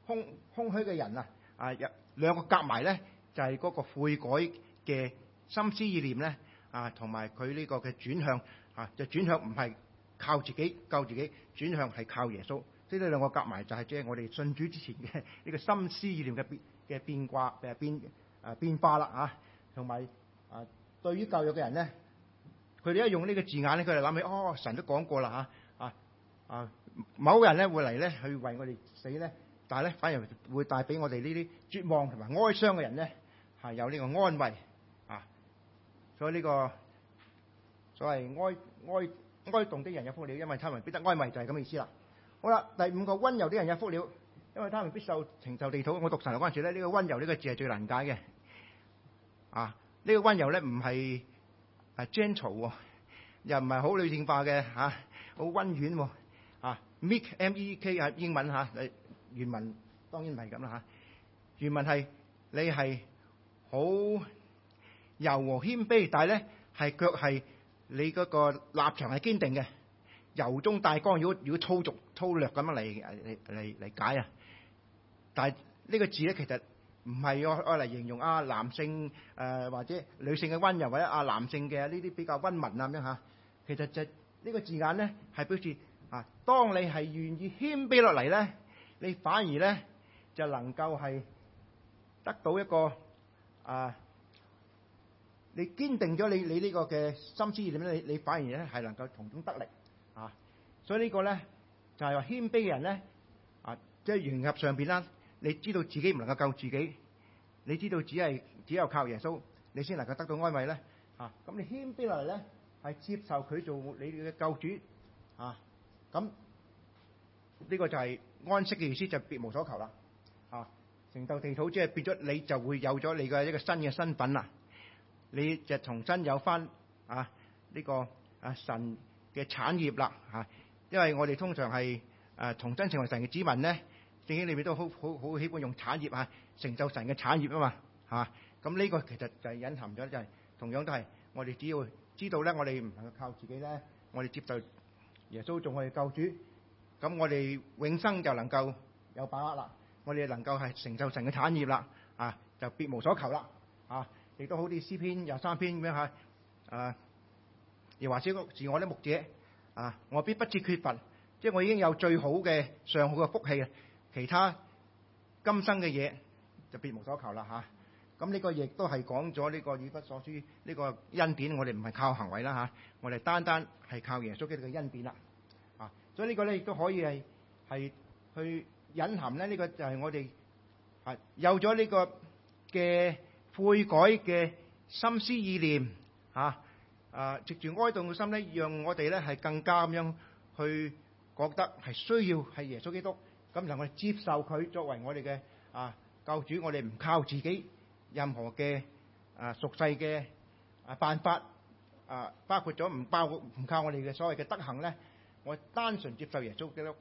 空空虛嘅人啊，啊，有兩個夾埋咧就係、是、嗰個悔改嘅心思意念咧啊，同埋佢呢個嘅轉向啊，就轉向唔係靠自己救自己，轉向係靠耶穌。呢兩兩個夾埋就係即係我哋信主之前嘅呢個心思意念嘅變嘅變卦，同埋變啊變化啦嚇，同埋啊對於教育嘅人咧，佢哋一用呢個字眼咧，佢哋諗起哦，神都講過啦嚇啊啊，某人咧會嚟咧去為我哋死咧，但係咧反而會帶俾我哋呢啲絕望同埋哀傷嘅人咧係有呢個安慰啊，所以呢個所謂哀哀哀動的人有福了，因為他們必得安慰，就係咁意思啦。好啦，第五個温柔啲人有福了，因為他們必受承受地土。我讀神嘅嗰陣時咧，呢、這個温柔呢個字係最難解嘅啊！這個、溫呢個温柔咧唔係係 gentle 喎、啊，又唔係好女性化嘅嚇，好温軟喎啊,啊！mek m e k 啊，英文嚇嚟原文當然唔係咁啦嚇，原文係、啊、你係好柔和謙卑，但係咧係腳係你嗰個立場係堅定嘅，柔中帶剛，如果如果粗俗。粗略咁樣嚟嚟嚟理解啊！但係呢個字咧，其實唔係愛嚟形容啊，男性誒或者女性嘅温柔，或者啊男性嘅呢啲比較温文啊咁樣嚇。其實就呢個字眼咧，係表示啊，當你係願意謙卑落嚟咧，你反而咧就能夠係得到一個啊，你堅定咗你你呢個嘅心思意念咧，你你反而咧係能夠從中得力啊。所以呢個咧。但係話謙卑嘅人咧，啊，即係迎合上邊啦，你知道自己唔能夠救自己，你知道只係只有靠耶穌，你先能夠得到安慰咧，吓、啊，咁你謙卑落嚟咧，係接受佢做你哋嘅救主，吓、啊，咁呢、這個就係安息嘅意思，就別無所求啦，吓、啊，成就地土，即係變咗你就會有咗你嘅一個新嘅身份啦，你就重新有返啊呢、這個啊神嘅產業啦，吓、啊。因為我哋通常係，啊、呃，從真成為神嘅子民咧，聖經裏邊都好好好喜歡用產業吓、啊，成就神嘅產業啊嘛，吓、啊，咁、這、呢個其實就係隱含咗，就係、是、同樣都係，我哋只要知道咧，我哋唔能夠靠自己咧，我哋接受耶穌做我哋救主，咁我哋永生就能夠有把握啦，我哋能夠係成就神嘅產業啦，啊，就別無所求啦，啊，亦都好似詩篇廿三篇咁樣吓，啊，又或者個自我嘅牧者。啊！我必不至缺乏，即係我已經有最好嘅上好嘅福氣。啊！其他今生嘅嘢就別無所求啦吓，咁、啊、呢個亦都係講咗呢個，與不所殊呢、呢個恩典，我哋唔係靠行為啦吓、啊，我哋單單係靠耶穌基督嘅恩典啦。啊，所以呢個呢個咧亦都可以係係去隱含咧，呢、呢個就係，就係我哋係有咗呢個嘅悔改嘅心思意念吓。啊啊，藉住哀悼嘅心咧，讓我哋咧係更加咁樣去覺得係需要係耶穌基督，咁然後我哋接受佢作為我哋嘅啊救主，我哋唔靠自己任何嘅啊俗世嘅啊辦法啊，包括咗唔靠唔靠我哋嘅所謂嘅德行咧，我單純接受耶穌基督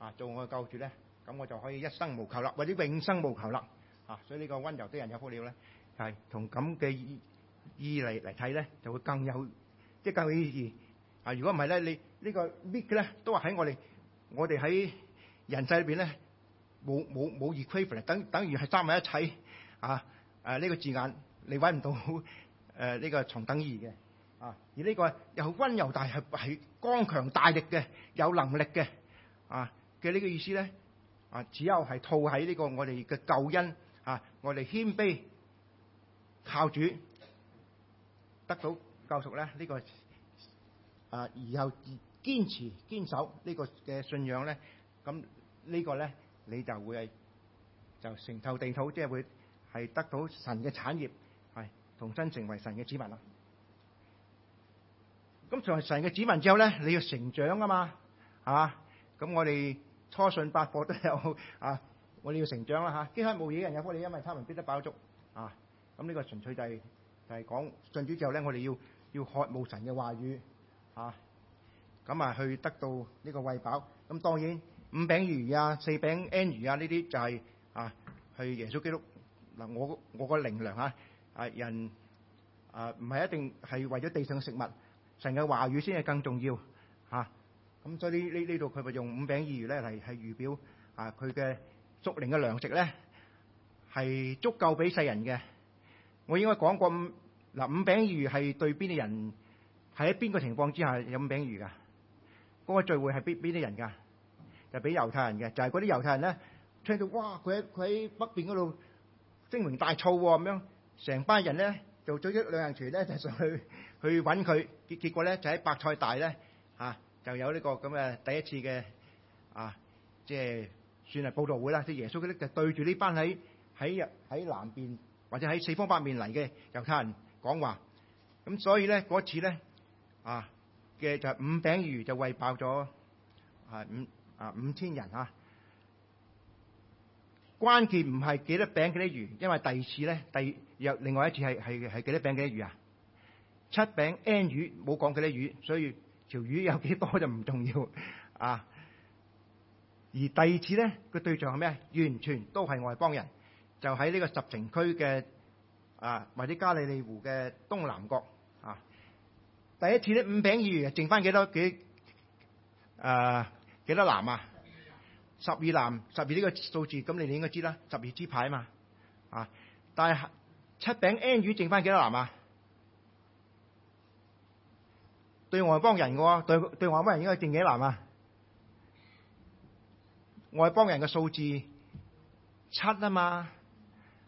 啊做我嘅救主咧，咁我就可以一生無求啦，或者永生無求啦啊！所以呢個溫柔的人有福了咧，係同咁嘅意。二嚟嚟睇咧，就會更有即係更有意義啊，如果唔係咧，你、這個、呢個個搣咧都話喺我哋，我哋喺人世裏邊咧冇冇冇 equivalent，等等於係攢埋一齊啊！誒、啊、呢、這個字眼你揾唔到誒呢、啊這個重等義嘅啊。而呢個又好溫柔但係係剛強大力嘅，有能力嘅啊嘅呢個意思咧啊，只有係套喺呢個我哋嘅救恩啊，我哋謙卑靠主。得到救贖咧，呢、這個啊，然後堅持堅守呢個嘅信仰咧，咁呢個咧你就會係就承受地土，即係會係得到神嘅產業，係重新成為神嘅子民啦。咁、嗯、成為神嘅子民之後咧，你要成長啊嘛，嚇、啊！咁我哋初信八課都有啊，我哋要成長啦嚇。饑荒冇嘢人有福，你因為他們必得飽足啊。咁呢個純粹就係、是。就係講信主之後咧，我哋要要渴慕神嘅話語啊，咁啊去得到呢個餵飽，咁當然五餅魚啊、四餅 N 魚啊呢啲就係、是、啊，去耶穌基督嗱，我我個靈糧嚇啊，啊人啊唔係一定係為咗地上嘅食物，神嘅話語先係更重要吓，咁、啊、所以呢呢呢度佢咪用五餅魚咧嚟係預表啊佢嘅足量嘅糧食咧係足夠俾世人嘅。我應該講過，嗱五餅魚係對邊啲人？係喺邊個情況之下有五餅魚㗎？嗰、那個聚會係邊邊啲人㗎？就俾猶太人嘅，就係嗰啲猶太人咧，聽到哇佢喺佢喺北邊嗰度聲名大噪喎咁樣，成班人咧就組織旅行團咧就上去去揾佢，結結果咧就喺伯賽大咧、啊、就有呢、這個咁嘅第一次嘅啊，即、就、係、是、算係佈道會啦，即、就是、耶穌嗰就對住呢班喺喺日喺南邊。或者喺四方八面嚟嘅猶太人講話，咁所以咧嗰次咧啊嘅就係、五餅魚就餵爆咗係、啊、五啊五千人啊！關鍵唔係幾多餅幾多魚，因為第二次咧第又另外一次係係係幾多餅幾多魚啊？七餅 N 魚冇講幾多魚，所以條魚有幾多就唔重要啊，啊！而第二次咧個對象係咩？完全都係外邦人。就喺呢個十城區嘅啊，或者加利利湖嘅東南角啊。第一次啲五餅二魚剩翻幾多幾誒、呃、幾多籃啊？十二籃，十二呢個數字咁，你你應該知啦，十二支派嘛啊。但係七餅 N 魚,魚剩翻幾多籃啊？對外邦人嘅話，對對外邦人應該剩幾籃啊？外邦人嘅數字七啊嘛。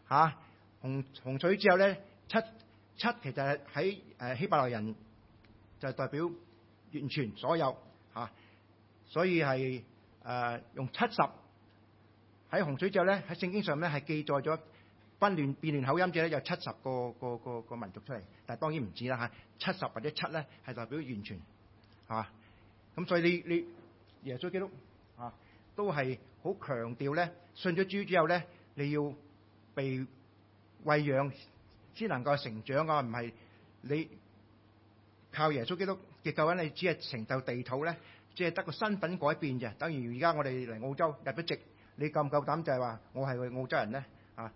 吓、啊，洪洪水之後咧，七七其實係喺誒希伯來人就係代表完全所有吓、啊，所以係誒、啊、用七十喺洪水之後咧喺聖經上咧係記載咗變亂變亂口音者咧有七十個個個個民族出嚟，但係當然唔止啦吓、啊，七十或者七咧係代表完全吓，嘛、啊、咁，所以你你耶穌基督啊，啊都係好強調咧，信咗主之後咧你要。被喂養，先能夠成長啊！唔係你靠耶穌基督，結究緊你，只係成就地土咧，只係得個身份改變啫。等於而家我哋嚟澳洲入咗籍，你夠唔夠膽就係話我係澳洲人咧？啊，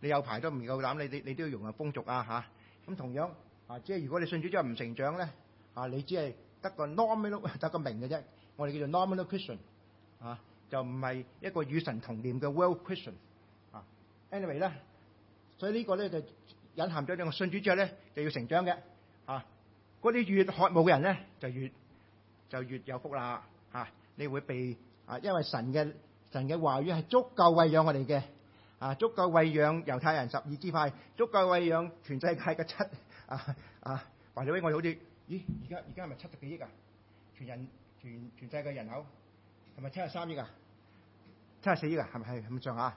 你有排都唔夠膽，你你你都要融入風俗啊嚇！咁同樣啊，即係如果你信主之後唔成長咧，啊，你只係得個 normal 得個名嘅啫，我哋叫做 normal christian 啊，就唔係一個與神同念嘅 world christian。Anyway 咧，所以這個呢個咧就隱含咗呢個信主之後咧就要成長嘅嚇。嗰、啊、啲越渴慕嘅人咧就越就越有福啦嚇、啊。你會被啊，因為神嘅神嘅話語係足夠餵養我哋嘅啊，足夠餵養猶太人十二支派，足夠餵養全世界嘅七啊啊華少威我，我哋好似咦？而家而家係咪七十幾億啊？全人全全世界嘅人口係咪七十三億啊？七十四億啊？係咪係咁上下，是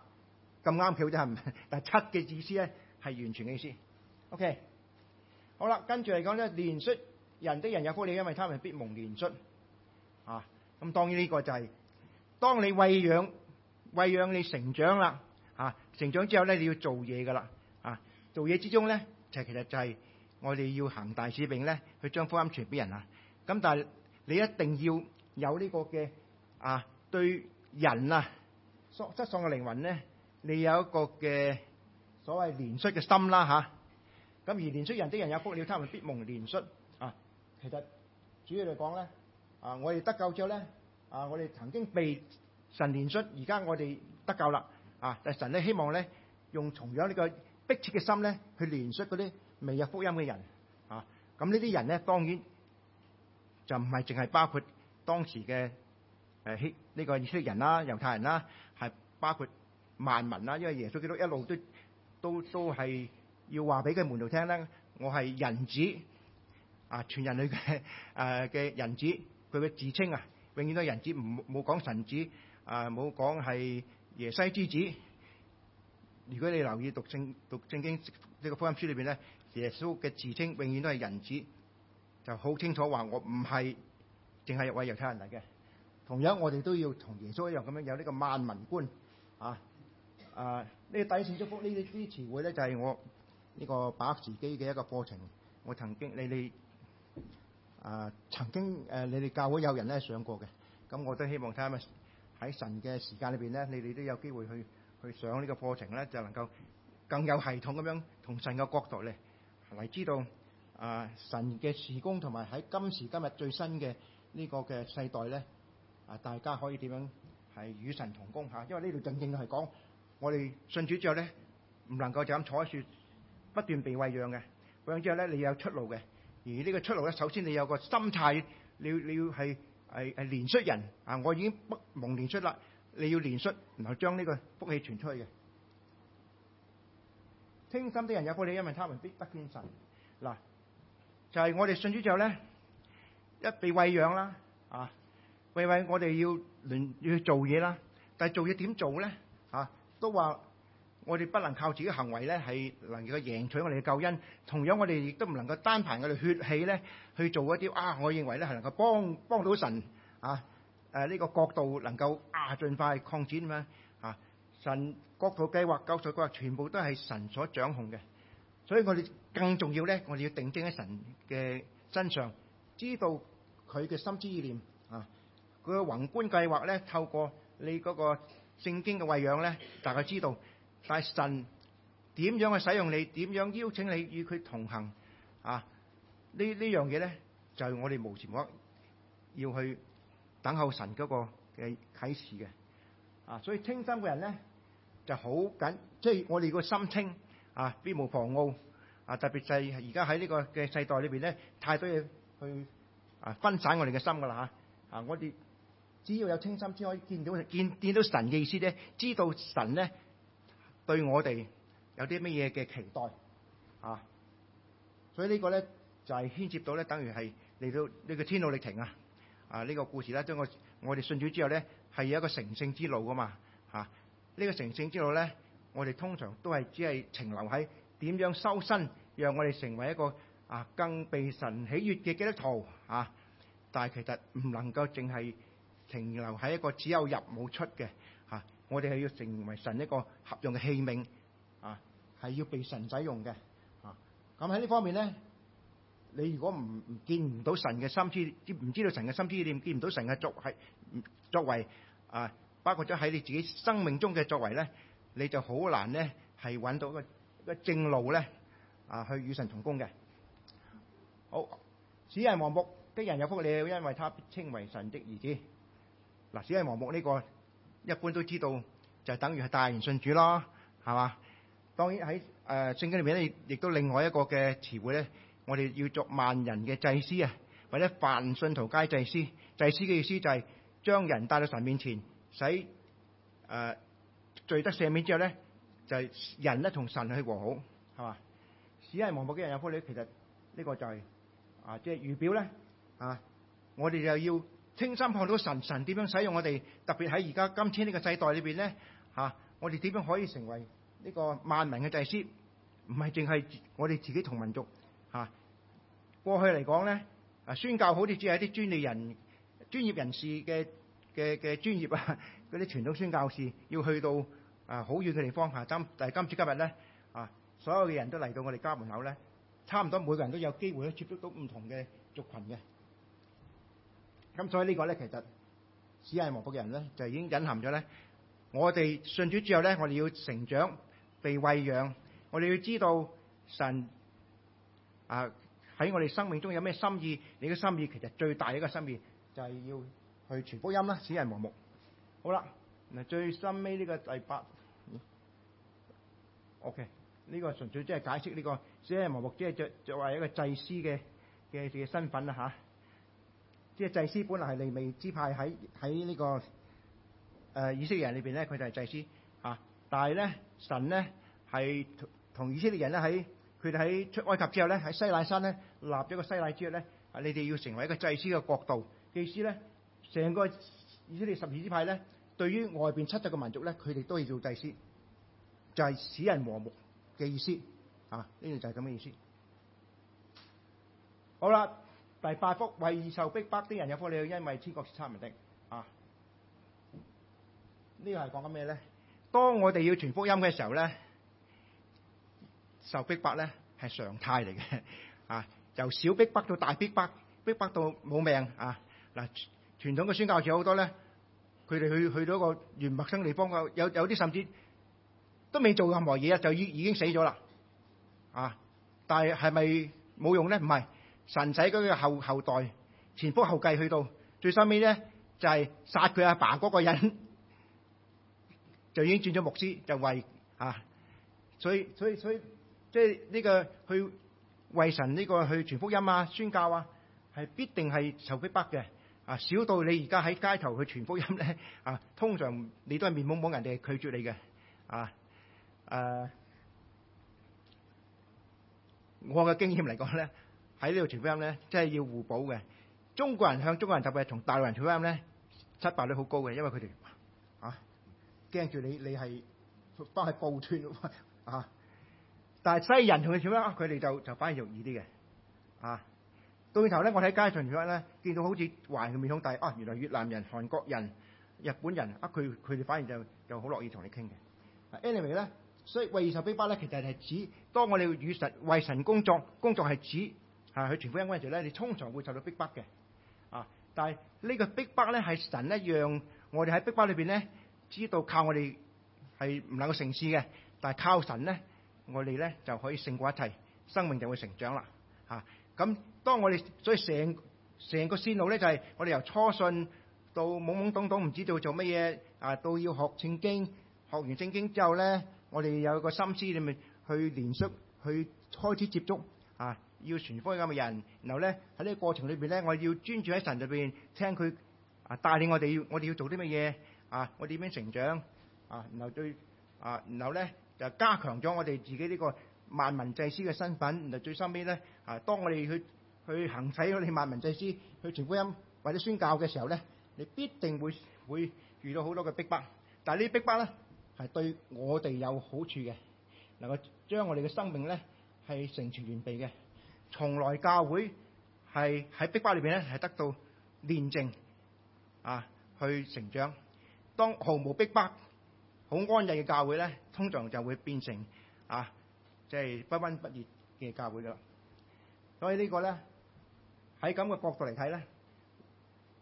咁啱票啫，係但七嘅意思咧，係完全嘅意思。O.K. 好啦，跟住嚟講咧，憐恤人的人有福了，因為他們必蒙憐恤啊。咁當然呢個就係當你餵養餵養你成長啦啊，成長之後咧，你要做嘢噶啦啊，做嘢之中咧就其實就係我哋要行大使命咧，去將福音傳俾人啊。咁但係你一定要有呢個嘅啊，對人啊，失喪嘅靈魂咧。你有一個嘅所謂憐恤嘅心啦，嚇咁而憐恤人的人有福了，他們必蒙憐恤。啊。其實主要嚟講咧，啊，我哋得救之後咧，啊，我哋曾經被神憐恤，而家我哋得救啦啊，但神咧希望咧用同樣呢個迫切嘅心咧去憐恤嗰啲未有福音嘅人啊。咁呢啲人咧當然就唔係淨係包括當時嘅誒希呢個以色列人啦、猶太人啦，係包括萬民啦，因為耶穌基督一路都都都係要話俾佢門徒聽咧，我係人子啊，全人類嘅誒嘅人子，佢嘅自稱啊，永遠都係人子，唔冇講神子啊，冇講係耶穌之子。如果你留意讀聖讀聖經呢個福音書裏邊咧，耶穌嘅自稱永遠都係人子，就好清楚話我唔係淨係為猶太人嚟嘅。同樣我哋都要同耶穌一樣咁樣有呢個萬民觀啊。啊！的大的呢、就是這個底線祝福呢啲呢啲詞彙就係我呢個把握時機嘅一個課程。我曾經你哋啊，曾經誒、啊，你哋教會有人咧上過嘅。咁我都希望睇下咪喺神嘅時間裏邊呢，你哋都有機會去去上呢個課程呢，就能夠更有系統咁樣同神嘅角度呢，嚟知道啊神嘅時工，同埋喺今時今日最新嘅呢個嘅世代呢，啊，大家可以點樣係與神同工嚇、啊？因為呢度正正係講。我哋信主之後咧，唔能夠就咁坐喺樹，不斷被餵養嘅餵養之後咧，你有出路嘅。而呢個出路咧，首先你有個心態，你要你要係係係憐恤人啊！我已經不蒙憐恤啦，你要憐恤，然後將呢個福氣傳出去嘅。清心的人有福，因為他們必得見神。嗱，就係我哋信主之後咧，一被餵養啦，啊，喂喂，我哋要聯要做嘢啦，但係做嘢點做咧？啊！都話我哋不能靠自己的行為咧，係能夠贏取我哋嘅救恩。同樣，我哋亦都唔能夠單憑我哋血氣咧去做一啲啊，我認為咧係能夠幫幫到神啊，誒呢、啊這個國度能夠啊盡快擴展啊。啊神國度計劃、救贖計劃全部都係神所掌控嘅，所以我哋更重要咧，我哋要定睛喺神嘅身上，知道佢嘅心思意念啊，佢嘅宏觀計劃咧，透過你嗰、那個聖經嘅餵養咧，大家知道，但係神點樣去使用你，點樣邀請你與佢同行啊？這這呢呢樣嘢咧，就係、是、我哋無時無刻要去等候神嗰個嘅啟示嘅。啊，所以清心嘅人咧就好緊，即係我哋個心清啊，必無狂傲啊。特別就係而家喺呢個嘅世代裏邊咧，太多嘢去啊分散我哋嘅心噶啦吓啊！我哋。只要有清心，先可以見到見見到神嘅意思咧。知道神咧對我哋有啲乜嘢嘅期待啊。所以呢個咧就係牽涉到咧，等於係嚟到呢個天路歷程啊。啊，呢、這個故事咧，將、就是、我我哋信主之後咧係有一個成聖之路噶嘛。吓、啊、呢、這個成聖之路咧，我哋通常都係只係停留喺點樣修身，讓我哋成為一個啊更被神喜悅嘅基督徒啊。但係其實唔能夠淨係。停留喺一個只有入冇出嘅，吓，我哋係要成為神一個合用嘅器皿，啊，係要被神使用嘅，啊，咁喺呢方面咧，你如果唔唔見唔到神嘅心志，唔知道神嘅心志點，你見唔到神嘅作係，作為啊，包括咗喺你自己生命中嘅作為咧，你就好難咧係揾到一個個正路咧，啊，去與神同工嘅。好，使人和睦的人有福了，因為他被稱為神的兒子。嗱、這個，使人和睦呢個一般都知道就係等於係帶人信主啦，係嘛？當然喺誒、呃、聖經裏邊咧，亦都另外一個嘅詞彙咧，我哋要做萬人嘅祭司啊，或者凡信徒皆祭司。祭司嘅意思就係將人帶到神面前，使誒罪、呃、得赦免之後咧，就係人咧同神去和好，係嘛？使人和睦嘅人有福咧，其實呢個就係、是、啊，即、就、係、是、預表咧啊，我哋就要。清心看到神，神點樣使用我哋？特別喺而家今天呢個世代裏邊咧，吓，我哋點樣可以成為呢個萬民嘅祭司，唔係淨係我哋自己同民族吓。過去嚟講咧，啊宣教好似只係啲專利人、專業人士嘅嘅嘅專業啊，啲傳統宣教士要去到啊好遠嘅地方吓，今但係今次今日咧，啊所有嘅人都嚟到我哋家門口咧，差唔多每個人都有機會咧接觸到唔同嘅族群嘅。咁所以個呢個咧，其實使人和睦嘅人咧，就已經隱含咗咧，我哋信主之後咧，我哋要成長，被餵養，我哋要知道神啊喺我哋生命中有咩心意。你、這、嘅、個、心意其實最大一個心意就係、是、要去傳福音啦，使人和睦。好啦，嗱最深屘呢個第八，OK，呢個純粹即係解釋呢、這個使人和睦，即係作作為一個祭司嘅嘅嘅身份啦吓。啲祭司本嚟係利未支派喺喺呢個誒、呃、以色列人裏邊咧，佢就係祭司啊。但係咧神咧係同，同以色列人咧喺佢哋喺出埃及之後咧，喺西奈山咧立咗個西奈之後咧，啊你哋要成為一個祭司嘅國度。祭司咧成個以色列十二支派咧，對於外邊七十嘅民族咧，佢哋都要做祭司，就係、是、使人和睦嘅意思啊。呢樣就係咁嘅意思。好啦。第八福為義受逼迫啲人有福利，你因為天國是差唔的啊！這是說什麼呢個係講緊咩咧？當我哋要傳福音嘅時候咧，受逼迫咧係常態嚟嘅啊！由小逼迫到大逼迫，逼迫到冇命啊！嗱，傳統嘅宣教士好多咧，佢哋去去到一個原陌生地方嘅，有有啲甚至都未做任何嘢啊，就已已經死咗啦啊！但係係咪冇用咧？唔係。神使佢嘅後後代前仆後繼，去到最收尾咧，就係殺佢阿爸嗰個人就已經轉咗牧師，就為啊，所以所以所以即係呢個去為神呢、呢個去傳福音啊、宣教啊，係必定係仇敵北嘅啊。少到你而家喺街頭去傳福音咧啊，通常你都係面懵懵，人哋拒絕你嘅啊。誒、啊，我嘅經驗嚟講咧。喺呢度傳福音咧，即係要互補嘅。中國人向中國人特別係同大陸人傳福音咧，失敗率好高嘅，因為佢哋嚇驚住你，你係翻去暴斷啊！但係西人同佢傳福音，佢哋就就反而容易啲嘅啊。到尾頭咧，我喺街上傳福音咧，見到好似華人面孔大，但係啊，原來越南人、韓國人、日本人啊，佢佢哋反而就就好樂意同你傾嘅。anyway 咧，所以為受逼迫咧，其實係指當我哋與神為神工作，工作係指。啊！去傳福音嗰陣時咧，你通常會受到逼迫嘅。啊！但係呢個逼迫咧係神一樣，我哋喺逼迫裏邊咧，知道靠我哋係唔能夠成事嘅，但係靠神咧，我哋咧就可以勝過一切，生命就會成長啦。嚇！咁當我哋所以成成個線路咧，就係我哋由初信到懵懵懂懂唔知道做乜嘢，啊，到要學聖經，學完聖經之後咧，我哋有個心思裏面去連熟，去開始接觸。要傳福音咁嘅人，然後咧喺呢個過程裏邊咧，我要專注喺神入邊聽佢啊帶領我哋要我哋要做啲乜嘢啊？我哋點樣成長啊？然後最啊，然後咧就加強咗我哋自己呢個萬民祭司嘅身份。然後最深尾咧啊，當我哋去去行使我哋萬民祭司去傳福音或者宣教嘅時候咧，你必定會會遇到好多嘅逼迫。但係呢啲逼迫咧係對我哋有好處嘅，能夠將我哋嘅生命咧係成全完備嘅。從來教會係喺逼迫裏邊咧，係得到煉淨啊，去成長。當毫無逼迫，好安逸嘅教會咧，通常就會變成啊，即係不温不熱嘅教會噶啦。所以呢個咧喺咁嘅角度嚟睇咧，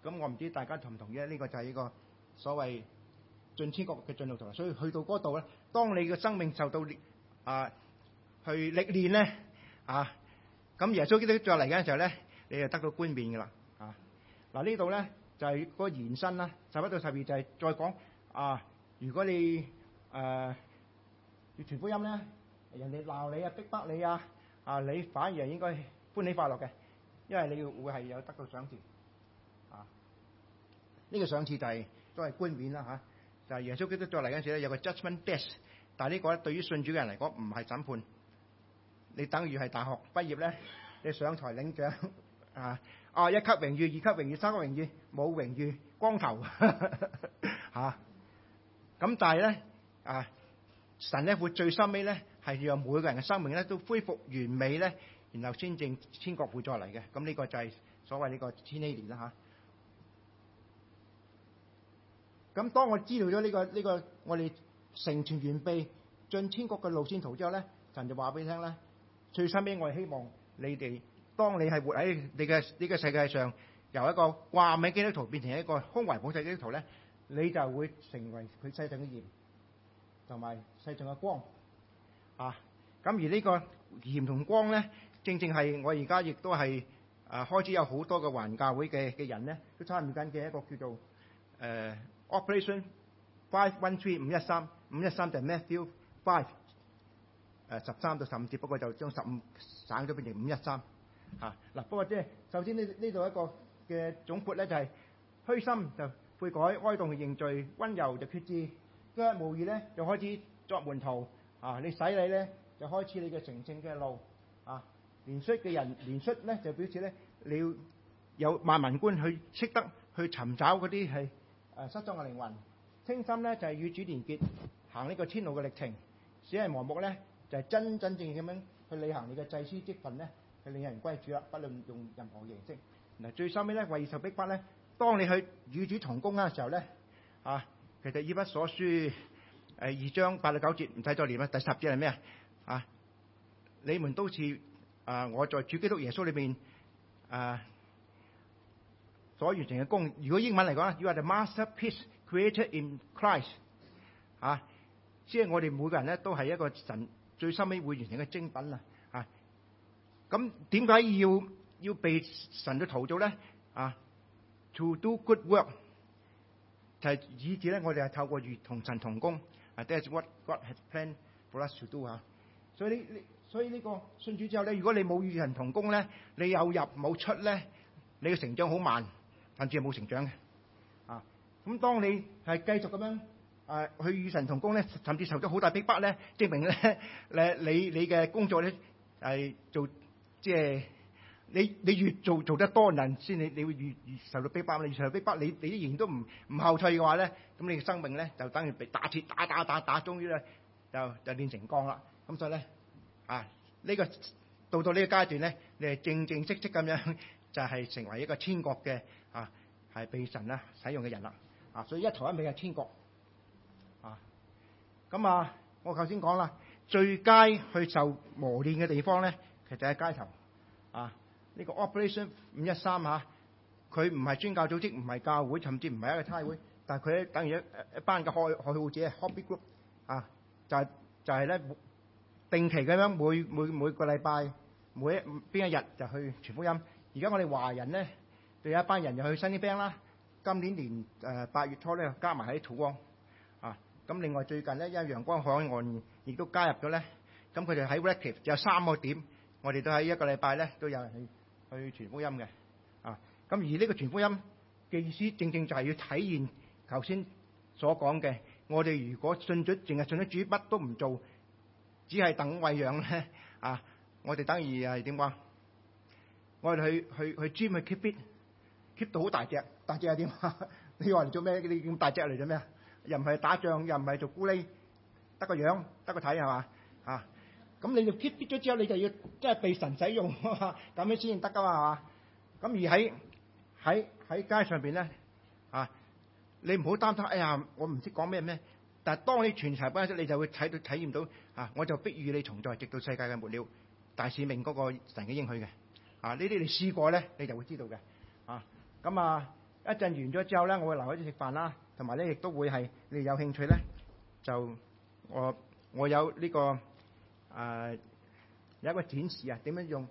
咁我唔知大家同唔同意呢？呢個就係呢個所謂進天國嘅進路圖，所以去到嗰度咧，當你嘅生命受到啊去歷練咧啊。咁耶穌基督再嚟緊嘅時候咧，你就得到冠冕噶啦啊！嗱，呢度咧就係、是、嗰個延伸啦，十一到十二就係再講啊！如果你、啊、要傳福音咧，人哋鬧你啊、逼迫你啊，啊你反而係應該歡喜快樂嘅，因為你要會係有得到賞賜啊！呢、這個賞賜就係都係冠冕啦嚇、啊。就係、是、耶穌基督再嚟緊時咧，有個 judgment desk，但係呢個對於信主嘅人嚟講唔係審判。你等於係大學畢業咧，你上台領獎啊！哦，一級榮譽、二級榮譽、三級榮譽，冇榮譽，光頭嚇咁、啊。但係咧啊，神咧活最深尾最終尾咧，係讓每個人嘅生命咧都恢復完美咧，然後先正天國會再嚟嘅。咁呢個就係所謂呢個千禧年啦吓，咁、啊、當我知道咗呢個呢、呢個我哋成全完備進天國嘅路線圖之後咧，神就話俾你聽咧。最身邊我係希望你哋，當你係活喺你嘅呢個世界上，由一個掛名基督徒變成一個胸懷普世基督徒咧，你就會成為佢世上嘅鹽同埋世上嘅光。啊！咁而個呢個鹽同光咧，正正係我而家亦都係誒開始有好多嘅環教會嘅嘅人咧，都參與緊嘅一個叫做誒、呃、Operation Five One Three，五一三，五一三就係 Matthew Five。誒、呃、十三到十五節，不過就將十五省咗變成五一三嚇嗱、啊。不過即係首先呢，呢度一個嘅總括咧，就係、是、虛心就悔改，哀慟嘅認罪，温柔就決志，跟住無意咧就開始作門徒啊！你洗禮咧就開始你嘅成聖嘅路啊！憐恤嘅人憐恤咧就表示咧，你要有萬民觀去識得去尋找嗰啲係誒失蹤嘅靈魂，清心咧就係、是、與主連結，行呢個天路嘅歷程，使人和睦咧。就係、是、真真正正咁樣去履行你嘅祭司職份咧，去令人歸主啦，不論用任何形式。嗱，最收尾咧，為受逼迫咧，當你去與主同工嘅時候咧，啊，其實以弗所書誒二章八到九節，唔使再念啦。第十節係咩啊？啊，你們都似啊，我在主基督耶穌裏邊啊所完成嘅功。如果英文嚟講咧，要話係 masterpiece created in Christ，啊，即係我哋每個人咧都係一個神。最深屘會完成嘅精品啦，啊，咁點解要要被神都陶造咧？啊，to do good work 就係以致咧，我哋係透過與同神同工。啊，that's what God has planned for us to do 嚇、啊。所以呢所以呢個信主之後咧，如果你冇與人同工咧，你有入冇出咧，你嘅成長好慢，甚至係冇成長嘅。啊，咁當你係繼續咁樣。誒、啊，佢與神同工咧，甚至受咗好大逼迫咧，證明咧你你嘅工作咧、呃、做即係你你越做做得多，人先你你會越越受到逼迫，迫，迫，迫。你受逼迫，你你依然都唔唔後退嘅話咧，咁你嘅生命咧就等於被打鐵打打打打終於咧，就就變成鋼啦。咁所以咧啊，呢、這個、到到呢個階段咧，你係正正式式咁樣就係、是、成為一個天國嘅啊，係被神使用嘅人啦。啊，所以一頭一尾係天國。咁啊，我頭先講啦，最佳去受磨練嘅地方咧，其實就喺街頭啊。呢、這個 Operation 五一三嚇，佢唔係宣教組織，唔係教會，甚至唔係一個差會，但係佢等於一班嘅愛愛好者 Hobby Group 啊，就係、是、就係、是、咧定期咁樣，每每每個禮拜，每一邊一日就去傳福音。而家我哋華人咧，就有一班人就去 Sunnybank 啦。今年年誒八月初咧，加埋喺土安。咁另外最近咧，因為陽光海岸亦都加入咗咧，咁佢哋喺 active 有三個點，我哋都喺一個禮拜咧都有人去去傳福音嘅，啊，咁而呢個傳福音嘅意思正正就係要體現頭先所講嘅，我哋如果信咗淨係信咗主，乜都唔做，只係等餵養咧，啊，我哋等於係點講？我哋去去去 gym 去 keep fit，keep 到好大隻大隻係點話， *laughs* 你話嚟做咩？你咁大隻嚟做咩啊？又唔係打仗，又唔係做咕喱，得個樣，得個睇係嘛？嚇！咁、啊、你要 keep fit 咗之後，你就要即係被神使用，咁樣先至得噶嘛？嚇！咁而喺喺喺街上邊咧，嚇、啊、你唔好擔心。哎呀，我唔識講咩咩。但係當你全才畢咗，你就會睇到體驗到嚇、啊，我就必與你同在，直到世界嘅末了，大使命嗰個神嘅應許嘅。嚇、啊！呢啲你試過咧，你就會知道嘅。嚇！咁啊～啊一陣完咗之後咧，我會留喺度食飯啦，同埋咧亦都會係你哋有興趣咧，就我我有呢、這個誒、呃、有一個展示啊，點樣用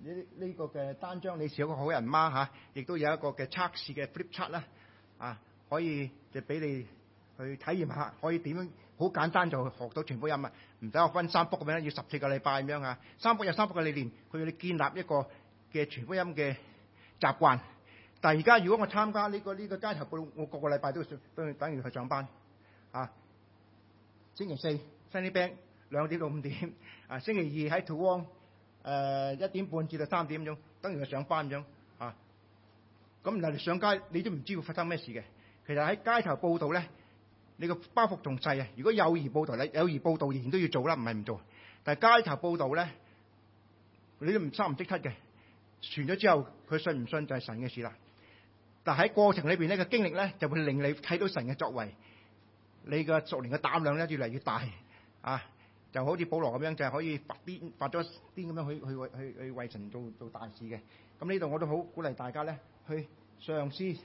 呢呢、這個嘅單張你是一個好人媽吓，亦、啊、都有一個嘅測試嘅 flip chart 啦、啊，啊可以就俾你去體驗下，可以點樣好簡單就學到全福音啊！唔使我分三幅 o o 咁樣，要十四個禮拜咁樣啊，三幅有三幅嘅理念，佢要你建立一個嘅全福音嘅習慣。但而家如果我參加呢、這個呢、這個街頭報，我個個禮拜都要都要等住去上班。啊，星期四 Sunny Bank，兩點到五點，啊星期二喺土旺誒一點半至到三點鐘，等住去上班咁樣啊。咁然後你上街，你都唔知會發生咩事嘅。其實喺街頭報道咧，你個包袱仲細啊。如果友誼報道咧，友誼報道仍然都要做啦，唔係唔做。但係街頭報道咧，你都唔三唔即刻嘅。傳咗之後，佢信唔信就係神嘅事啦。但喺過程裏邊呢個經歷呢，就會令你睇到神嘅作為，你個熟年嘅膽量呢越嚟越大，啊，就好似保羅咁樣，就係可以發癲發咗癲咁樣去去為去去為神做做大事嘅。咁呢度我都好鼓勵大家呢去上書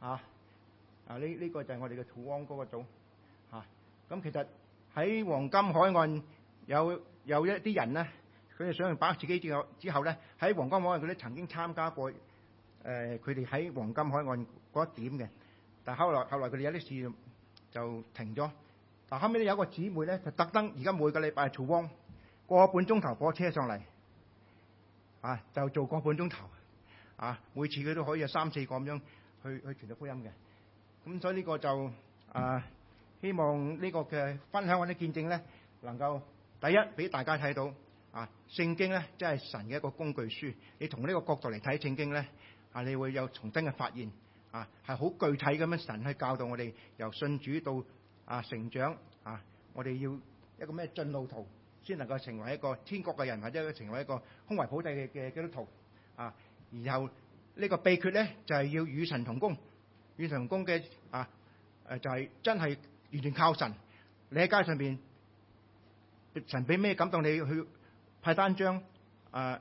啊，啊呢呢、呢個呢個就係我哋嘅土安哥嘅組，嚇、啊。咁其實喺黃金海岸有有一啲人呢，佢哋想去把握自己之後，之後呢，喺黃金海岸，佢哋曾經參加過。誒、呃，佢哋喺黃金海岸嗰一點嘅，但係後來後來佢哋有啲事就停咗。但係後尾咧有一個姊妹咧，就特登，而家每個禮拜係草荒，個半鐘頭火車上嚟，啊，就做個半鐘頭，啊，每次佢都可以有三四個咁樣去去傳到福音嘅。咁所以呢個就啊，希望呢個嘅分享或者見證咧，能夠第一俾大家睇到啊，聖經咧即係神嘅一個工具書，你從呢個角度嚟睇聖經咧。啊！你會有重新嘅發現啊，係好具體咁樣，神去教導我哋，由信主到啊，成長，啊我哋要一個咩進路圖，先能夠成為一個天國嘅人，或者成為一個胸懷普世嘅嘅基督徒，啊，然後呢個秘訣咧就係要與神同工，與神同工嘅，啊誒就係真係完全靠神，你喺街上邊神俾咩感動你去派單張啊？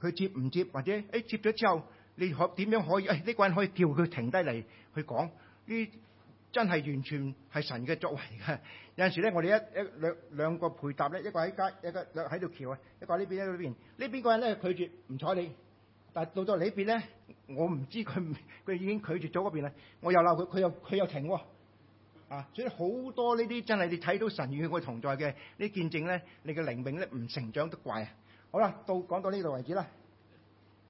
佢接唔接，或者誒、哎、接咗之後，你可點樣可以？誒、哎、呢、呢個人可以叫佢停低嚟去講呢？真係完全係神嘅作為㗎。有陣時咧，我哋一一兩兩個配搭咧，一個喺街，一個喺度橋啊，一個喺呢邊，一個喺呢邊。呢邊個人咧拒絕唔睬你，但係到咗你呢邊咧，我唔知佢佢已經拒絕咗嗰邊啦。我又鬧佢，佢又佢又停喎。啊，所以好多呢啲真係你睇到神與佢同在嘅呢見證咧，你嘅靈命咧唔成長都怪啊！好啦，到講到呢度為止啦。